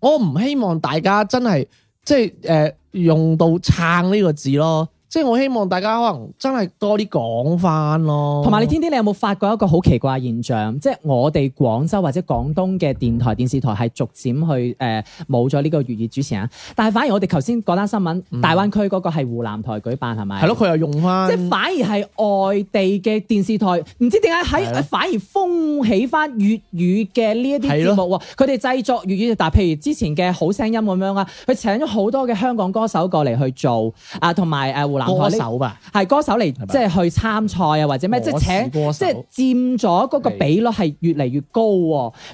我唔希望大家真係即係誒、呃、用到撐呢個字咯。即係我希望大家可能真係多啲講翻咯。同埋，你天天你有冇發覺一個好奇怪嘅現象？即係我哋廣州，或者廣東嘅電台、電視台係逐漸去誒冇咗呢個粵語主持人，但係反而我哋頭先講單新聞大灣區嗰個係湖南台舉辦係咪？係咯，嗯吧，佢又用翻。即係反而係外地嘅電視台，唔知點解喺反而風起翻粵語嘅呢一啲節目，佢哋製作粵語就係譬如之前嘅《好聲音》咁樣啊，佢請咗好多嘅香港歌手過嚟去做啊，同埋誒。歌手吧，係歌手嚟，即係去參賽啊，或者咩，即係請，即係佔咗嗰個比率係越嚟越高。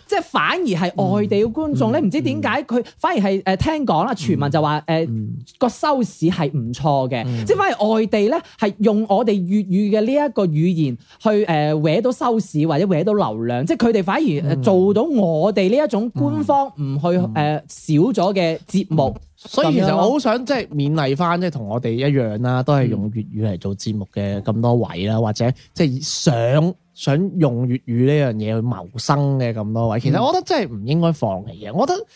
即係反而係外地嘅觀眾咧，你唔知點解佢反而係誒聽講啦，傳聞就話誒個收視係唔錯嘅。即係反而外地咧係用我哋粵語嘅呢一個語言去誒搲到收視或者搲到流量，即係佢哋反而做到我哋呢一種官方唔去誒少咗嘅節目。所以其實我好想即係勉勵翻，即係同我哋一樣啦，都係用粵語嚟做節目嘅咁多位啦，嗯、或者即係想想用粵語呢樣嘢去謀生嘅咁多位，其實我覺得真係唔應該放棄嘅，我覺得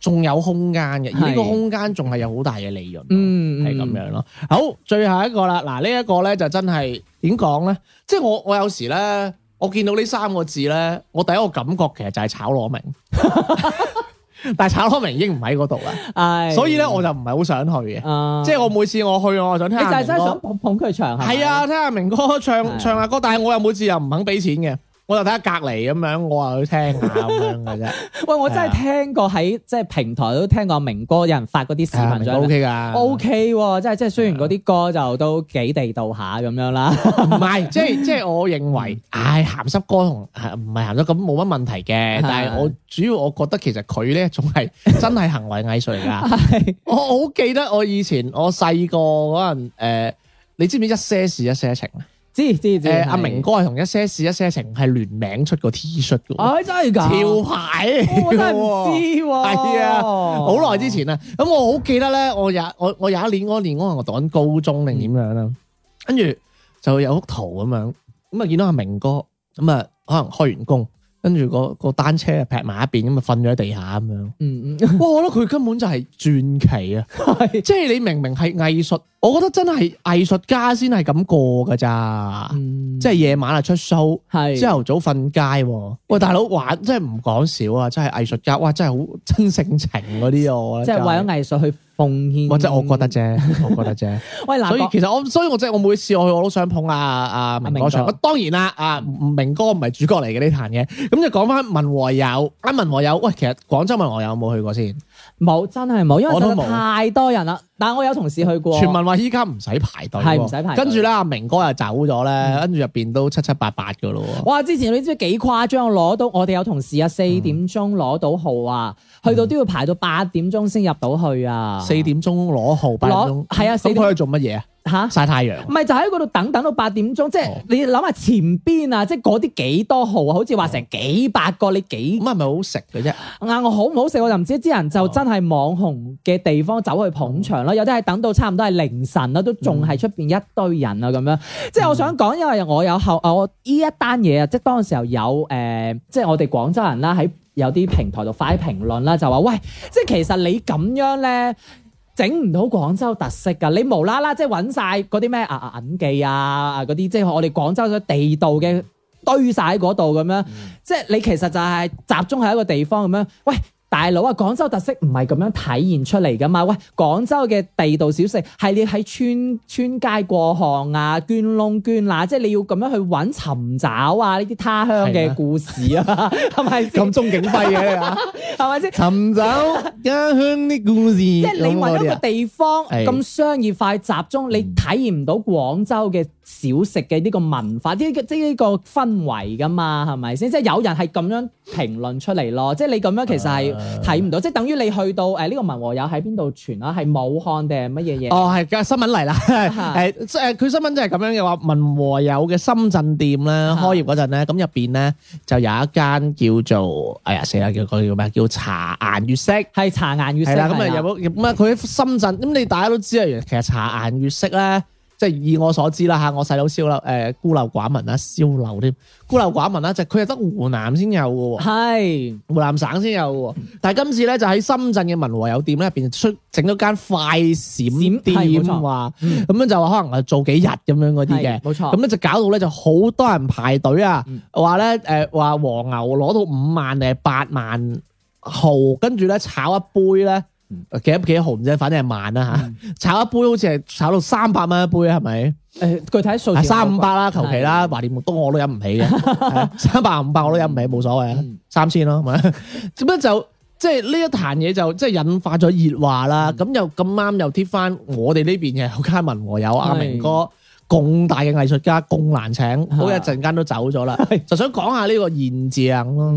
仲有空間嘅，而呢個空間仲係有好大嘅利潤，係咁是樣咯。嗯嗯好，最後一個啦，嗱呢一個咧就真係點講咧？即係我我有時咧，我見到呢三個字咧，我第一個感覺其實就係炒螺明。 但係炒螺明已經唔喺嗰度啊，唉 所以呢我就唔係好想去嘅，唉 即係我每次我去，嗯、我就想聽下。你就係想捧捧佢唱下歌，係啊，聽下明哥唱下是、啊、歌，但係我又每次又唔肯俾錢嘅。我就睇下隔籬咁樣，我啊去聽下咁樣嘅啫。 喂，我真係聽過喺即係平台都的聽過明哥有人發嗰啲視頻，O K 噶，O K，即係即係雖然嗰啲歌就都幾地道下咁的樣啦。唔係， 即係即係我認為，唉、哎，鹹濕歌同唔係鹹濕咁冇乜問題嘅。的但係我主要我覺得其實佢咧仲係真係行為藝術嚟噶。 的我好記得我以前我細個嗰陣，誒、呃，你知唔知一些事一些情咧？知知知，誒，阿明哥係同一些事一些情係聯名出個 T 恤嘅，誒，真係噶潮牌，我真係唔知喎。係啊，好耐之前啦，咁我好記得咧，我有我我有一年嗰年可能我讀緊高中定點樣啦，跟住就有幅圖咁樣，咁啊見到阿明哥，咁啊可能開完工，跟住個個單車啊劈埋一邊，咁啊瞓咗喺地下咁樣，嗯嗯，哇，我覺得佢根本就係傳奇啊，係，即係你明明係藝術。我覺得真係藝術家先係咁過噶咋，嗯、即係夜晚啊出 show，係朝頭早瞓街，啊。喂，大佬玩真係唔講笑啊，真係藝術家，哇，真係好真性情嗰啲啊！即係為咗藝術去奉獻。哇，即係我覺得啫，我覺得啫。 喂，所以其實我，所以我即係我，我，我，我每次我去我都想捧阿阿明哥場。啊、哥當然啦，阿、啊、明哥唔係主角嚟嘅呢壇嘅。咁就講翻文和友，啊文和友。喂，其實廣州文和友有冇去過先？冇，真係冇，因為真係太多人啦。但係我有同事去過。傳聞話依家唔使排隊，係唔使排。跟住咧，阿明哥又走咗咧，嗯、跟住入邊都七七八八噶咯。哇！之前你知唔知幾誇張？攞到我哋有同事啊，四點鐘攞到號啊，嗯、去到都要排到八點鐘先入到去啊。四點鐘攞號，八點鐘係啊，咁可以做乜嘢啊？嚇、啊、曬太陽，唔係就喺嗰度等等到八點鐘，即係、哦、你諗下前邊啊，即係嗰啲幾多號，好似話成幾百個，你幾咁係咪好食嘅啫？嗌、啊、我好唔好食，我就唔知。啲人就真係網紅嘅地方走去捧場咯，哦、有啲係等到差唔多係凌晨啦，都仲係出邊一堆人啊咁、嗯、樣。即係我想講，因為我有後我依一單嘢啊，即係當時候有誒、呃，即係我哋廣州人啦，喺有啲平台度發啲評論啦，就話喂，即係其實你咁樣咧。整唔到廣州特色噶，你無啦啦即係揾晒嗰啲咩啊、啊銀記啊嗰啲，即係我哋廣州嘅地道嘅堆晒喺嗰度咁樣，嗯、即係你其實就係集中喺一個地方咁樣，喂。大佬啊，廣州特色唔係咁樣體現出嚟㗎嘛？喂，廣州嘅地道小食係你喺村村街過巷啊，捐窿捐罅，即係你要咁樣去揾尋找啊，呢啲他鄉嘅故事啊，係咪咁鍾景輝嘅係咪先？尋找家鄉啲故事， 即係你揾一個地方咁商業化 集中，你體驗唔到廣州嘅。小食嘅呢個文化，啲啲呢個氛圍噶嘛，係咪先？即係有人係咁樣評論出嚟咯，即係你咁樣其實係睇唔到，啊、即係等於你去到誒呢個文和友喺邊度傳啊？係武漢定係乜嘢嘢？哦，係嘅，新聞嚟啦，係誒佢新聞就係咁樣嘅話，文和友嘅深圳店咧開業嗰陣咧，咁入邊咧就有一間叫做哎呀死啦，叫叫咩叫，叫茶顏悅色，係茶顏悅色，咁啊有冇乜佢喺深圳咁？你大家都知啊，其實茶顏悅色咧。即係以我所知啦嚇，我細佬燒樓誒、呃、孤陋寡聞啦，燒樓添孤陋寡聞啦，就佢係得湖南先有嘅喎，係是湖南省先有嘅喎。但係今次咧就喺深圳嘅文和友店咧入邊出整咗間快閃店，話咁、嗯、樣就話可能係做幾日咁樣嗰啲嘅，冇錯。咁咧就搞到咧就好多人排隊啊，話咧誒話黃牛攞到五萬定係八萬號，跟住咧炒一杯咧。幾幾紅啫，反正係慢啦吓。炒一杯好似係炒到三百蚊一杯，係咪？誒，具體數三五百啦，求其啦，華掂，都我都飲唔起嘅，三百五百我都飲唔起，冇所謂啊，三千咯，係咪。點解就即係呢一壇嘢就即係引發咗熱話啦？咁又咁啱又貼翻我哋呢邊嘅有嘉文和友阿明哥。咁大嘅藝術家，咁難請，好、啊、一陣間都走咗啦。啊、就想講下呢個現象咯，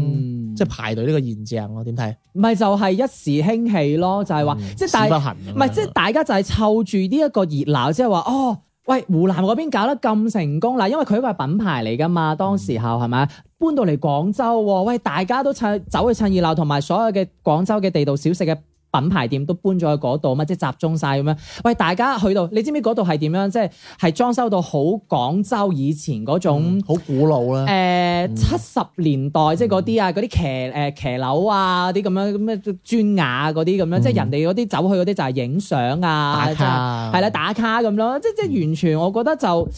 即係排隊呢個現象，我點睇？唔係就係一時興起咯，就係、是、話、嗯、即係大，唔係即係大家就係湊住呢一個熱鬧，即係話哦，喂，湖南嗰邊搞得咁成功啦，因為佢一個品牌嚟㗎嘛，當時候係咪？搬到嚟廣州，喂，大家都趁走去趁熱鬧，同埋所有嘅廣州嘅地道小食嘅。品牌店都搬咗去嗰度嘛，即係集中晒咁樣。喂，大家去到，你知唔知嗰度係點樣？即係係裝修到好廣州以前嗰種，好、嗯、古老啦。誒，七十年代即係嗰啲啊，嗰啲騎誒騎樓啊，啲咁樣咁咩磚瓦嗰啲咁樣，嗯、即係人哋嗰啲走去嗰啲就係影相啊，係啦打卡咁咯。即即係完全，我覺得就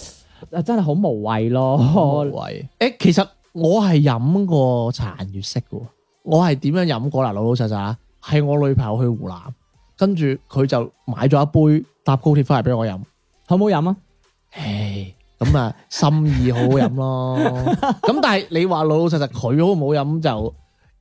真係好無謂咯。無謂、嗯。誒，其實我係飲過殘月色嘅，我係點樣飲過啦？老老實實。係我女朋友去湖南，跟住佢就買咗一杯搭高鐵翻嚟俾我飲，好唔好飲啊？唉，咁啊，心意好好飲咯。咁 但係你話老老實實佢好唔好飲就誒、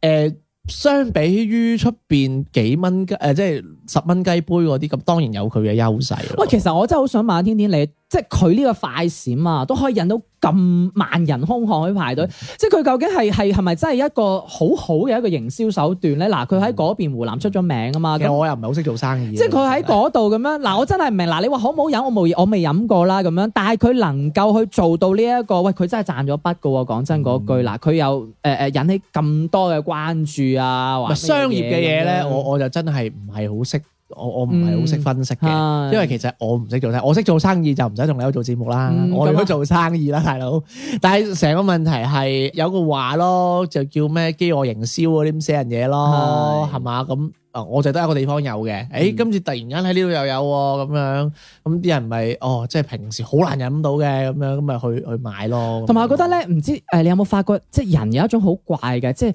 呃，相比於出邊幾蚊雞誒，即係十蚊雞杯嗰啲咁，當然有佢嘅優勢。喂，其實我真係好想問天天你。即係佢呢個快閃啊，都可以引到咁萬人空巷去排隊。嗯、即係佢究竟係係係咪真係一個好好嘅一個營銷手段咧？嗱、嗯，佢喺嗰邊湖南出咗名啊嘛。嗯、那其實我又唔係好識做生意。即係佢喺嗰度咁樣嗱，我真係唔明嗱。你話好唔好飲？我冇，我未飲過啦咁樣。但係佢能夠去做到呢、這、一個，喂，佢真係賺咗筆噶喎。講真嗰句嗱，佢又誒誒引起咁多嘅關注啊。商業嘅嘢咧，我我就真係唔係好識。我我唔係好識分析嘅，嗯、因為其實我唔識做生意，嗯、我識做生意就唔使同你喺度做節目啦。嗯、我哋果做生意啦，大佬，但係成個問題係有個話咯，就叫咩飢餓營銷嗰啲咁死人嘢咯，係嘛咁？誒、嗯，我就得一個地方有嘅，誒、欸，今次突然間喺呢度又有咁、啊、樣，咁啲人咪哦，即係平時好難飲到嘅，咁樣咁咪去去買咯。同埋我覺得咧，唔知誒、呃，你有冇發覺即係人有一種好怪嘅，即係。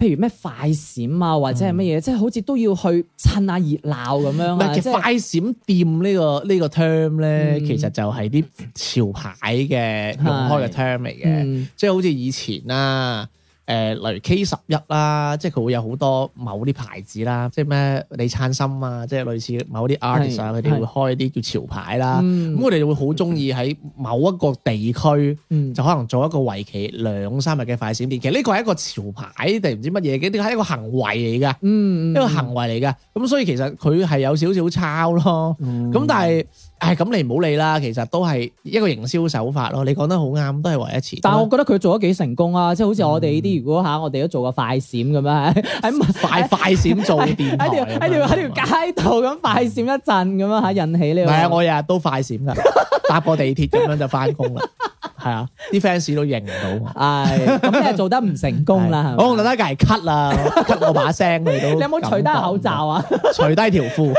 譬如咩快閃啊，或者係乜嘢，嗯、即係好似都要去趁下熱鬧咁樣啊。是即係是快閃店呢、呢個呢、呢個 term 咧、嗯，其實就係啲潮牌嘅的用開嘅 term 嚟嘅，嗯、即係好似以前啦、啊。誒，例如 K 十一啦，即係佢會有好多某啲牌子啦，即係咩李燦心啊，即係類似某啲 artist 啊，佢哋會開啲叫潮牌啦。咁我哋就會好中意喺某一個地區，嗯、就可能做一個維期兩三日嘅快閃店。其實呢個係一個潮牌定唔知乜嘢嘅？呢個係一個行為嚟㗎，嗯、一個行為嚟㗎。咁、嗯、所以其實佢係有少少抄咯。咁、嗯、但係。係咁，你唔好理啦。其實都係一個營銷手法咯。你講得好啱，都係為一次。但係我覺得佢做得幾成功啊！即係好似我哋呢啲，如果吓我哋都做個快閃咁樣，喺快快閃做電喺條喺條喺條街度咁快閃一陣咁樣吓引起呢？係啊，我日日都快閃噶，搭個地鐵咁樣就翻工啦。係啊，啲 fans 都認唔到我。係咁，即係做得唔成功啦。我覺得梗係 cut 啦，cut 我把聲你都。你有冇除低口罩啊？除低條褲。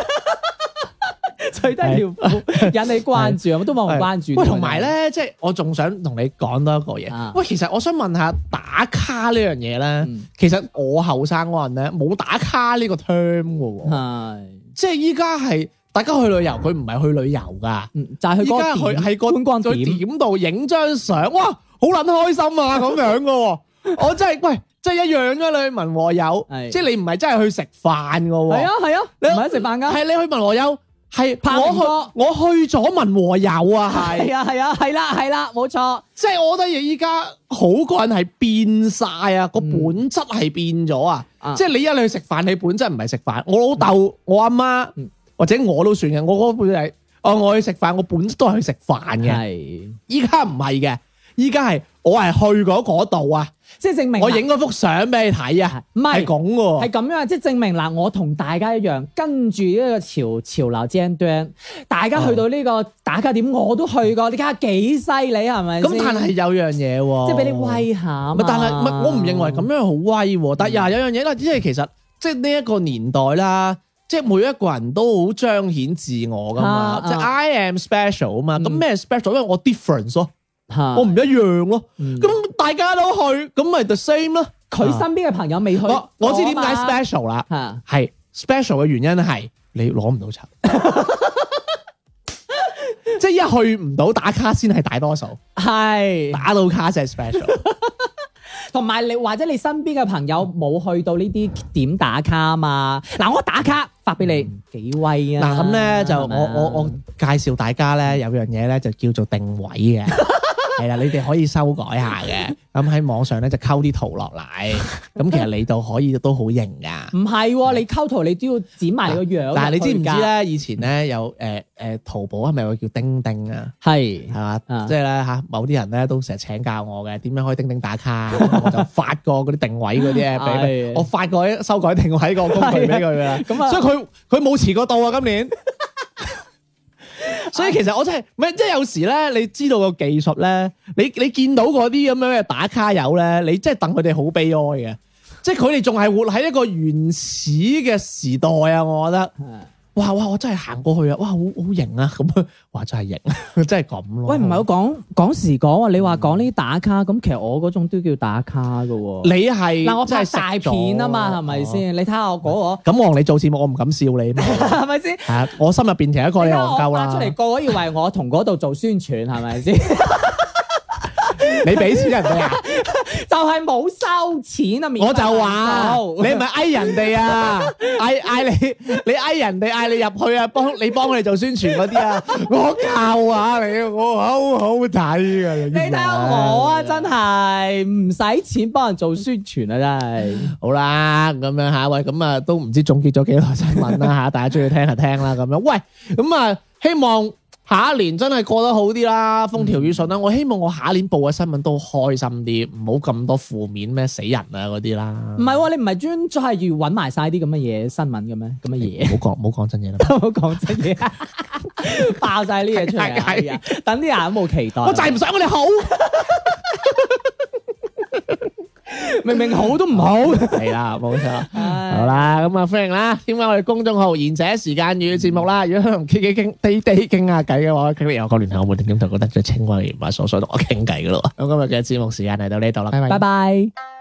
最低條褲引你關注，我都冇關注。喂，同埋咧，即係我仲想同你講多一個嘢。喂，其實我想問下打卡呢樣嘢咧，其實我後生嗰陣咧冇打卡呢個 term 嘅喎。係，即係依家係大家去旅遊，佢唔係去旅遊㗎，就係去嗰點，係嗰個點度影張相。哇，好撚開心啊，咁樣嘅喎。我真係，喂，真係一樣啫。你去文和友，即係你唔係真係去食飯嘅喎。係啊，係啊，你唔係去食飯㗎，係你去文和友。係，我去我去咗文和友啊，係，係啊，係啊，係啦、啊，係啦，冇錯。即係我覺得而家好多人係變晒啊，個本質係變咗啊。嗯、即係你一去食飯，你本質唔係食飯。我老豆、嗯、我阿媽或者我都算嘅，我嗰本係，哦，我去食飯，我本質都係去食飯嘅。依家唔係嘅，依家係我係去咗嗰度啊。即係證明，我影嗰幅相俾你睇啊，係咁嘅，係咁樣，即係證明嗱，我同大家一樣跟住呢個潮潮流 stand 大家去到呢個打卡點，哦、我都去過，你睇下幾犀利啊，係咪？咁但係有樣嘢，即係俾你威下。但係唔係，我唔認為咁樣好威。但係又有樣嘢，即係其實即係呢一個年代啦，即係每一個人都好彰顯自我噶嘛，啊啊、即係 I am special 啊嘛、嗯，咁咩 special？因為我 different 咯。嗯、我唔一樣咯，咁大家都去，咁咪 the same 啦。佢身邊嘅朋友未去，啊我，我知點解 special 啦，係 special 嘅原因係你攞唔到籌， 即係一去唔到打卡先係大多數，係是打到卡先 special。同埋你或者你身邊嘅朋友冇去到呢啲點打卡嘛？嗱，我打卡，嗯、發俾你幾威啊！嗱咁咧就，嗯、我我我介紹大家咧有樣嘢咧就叫做定位嘅。 係啦，你哋可以修改下嘅，咁喺網上咧就溝啲圖落嚟，咁其實你度可以都好型噶。唔係，你溝圖你都要剪埋你個樣。但係你知唔知咧？以前咧有誒誒，淘寶係咪會叫釘釘啊？係係嘛，即係咧吓，某啲人咧都成日請教我嘅，點樣可以釘釘打卡，我就發個嗰啲定位嗰啲俾佢，我發個修改定位個工具俾佢啦。咁啊，所以佢佢冇遲過到啊，今年。 所以其實我真係，唔係即係有時咧，你知道個技術咧，你你見到嗰啲咁樣嘅打卡友咧，你真係戥佢哋好悲哀嘅，即係佢哋仲係活喺一個原始嘅時代啊，我覺得。哇哇！我真係行過去啊！哇，好好型啊！咁啊，哇真係型，真係咁 咯。喂，唔係我講講時講啊，你話講呢啲打卡，咁其實我嗰種都叫打卡噶，哦。你係嗱、那個，我真拍大片啊嘛，係咪先？你睇下我嗰個。咁我同你做節目，我唔敢笑你，係咪先？係我心入邊成一個你戇鳩啦。媽媽出嚟 個個要為我同嗰度做宣傳，係咪先？ 你俾錢人哋啊！ 就係冇收錢啊！我就話，好你唔係嗌人哋啊，嗌嗌 你，你嗌人哋，嗌你入去啊，幫你幫佢哋做宣傳嗰啲啊，我教啊你，我好好睇啊！你睇下我啊， 真係唔使錢幫人做宣傳啊，真係 好啦，咁樣下一位。咁啊都唔知總結咗幾耐新聞啦、啊、嚇，大家中意聽下聽啦，咁樣喂，咁啊希望。下一年真係過得好啲啦，風調雨順啦。嗯、我希望我下一年報嘅新聞都開心啲，唔好咁多負面咩死人啊嗰啲啦。唔係喎，你唔係專專係要揾埋晒啲咁嘅嘢新聞嘅咩？咁嘅嘢。唔好講，唔好講真嘢啦。唔好講 真嘢， 爆晒啲嘢出嚟。係 啊，等啲人有冇期待。我就係唔想我哋好。 明明好都唔好， 係啦，冇錯， 好啦，咁啊歡迎啦，添加我哋公眾號言者時間與節目啦，如果想同 K K 傾、D D 傾下偈嘅話，聊聊聊我哋又可聯繫我每點點同嗰對青蛙同埋傻傻同我傾偈噶咯，咁 今日嘅節目時間嚟到呢度啦，拜拜。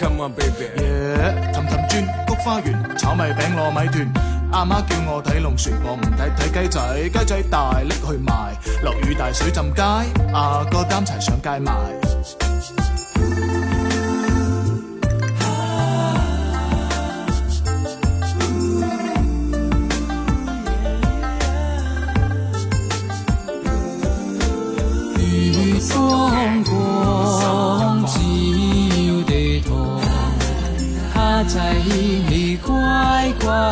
Come on, baby，氹氹、yeah, 轉菊花園，炒米餅糯米團，阿媽，媽叫我睇龍船，我唔睇，睇雞仔，雞仔大攞去賣，落雨大水浸街，阿、啊、哥擔柴上街賣。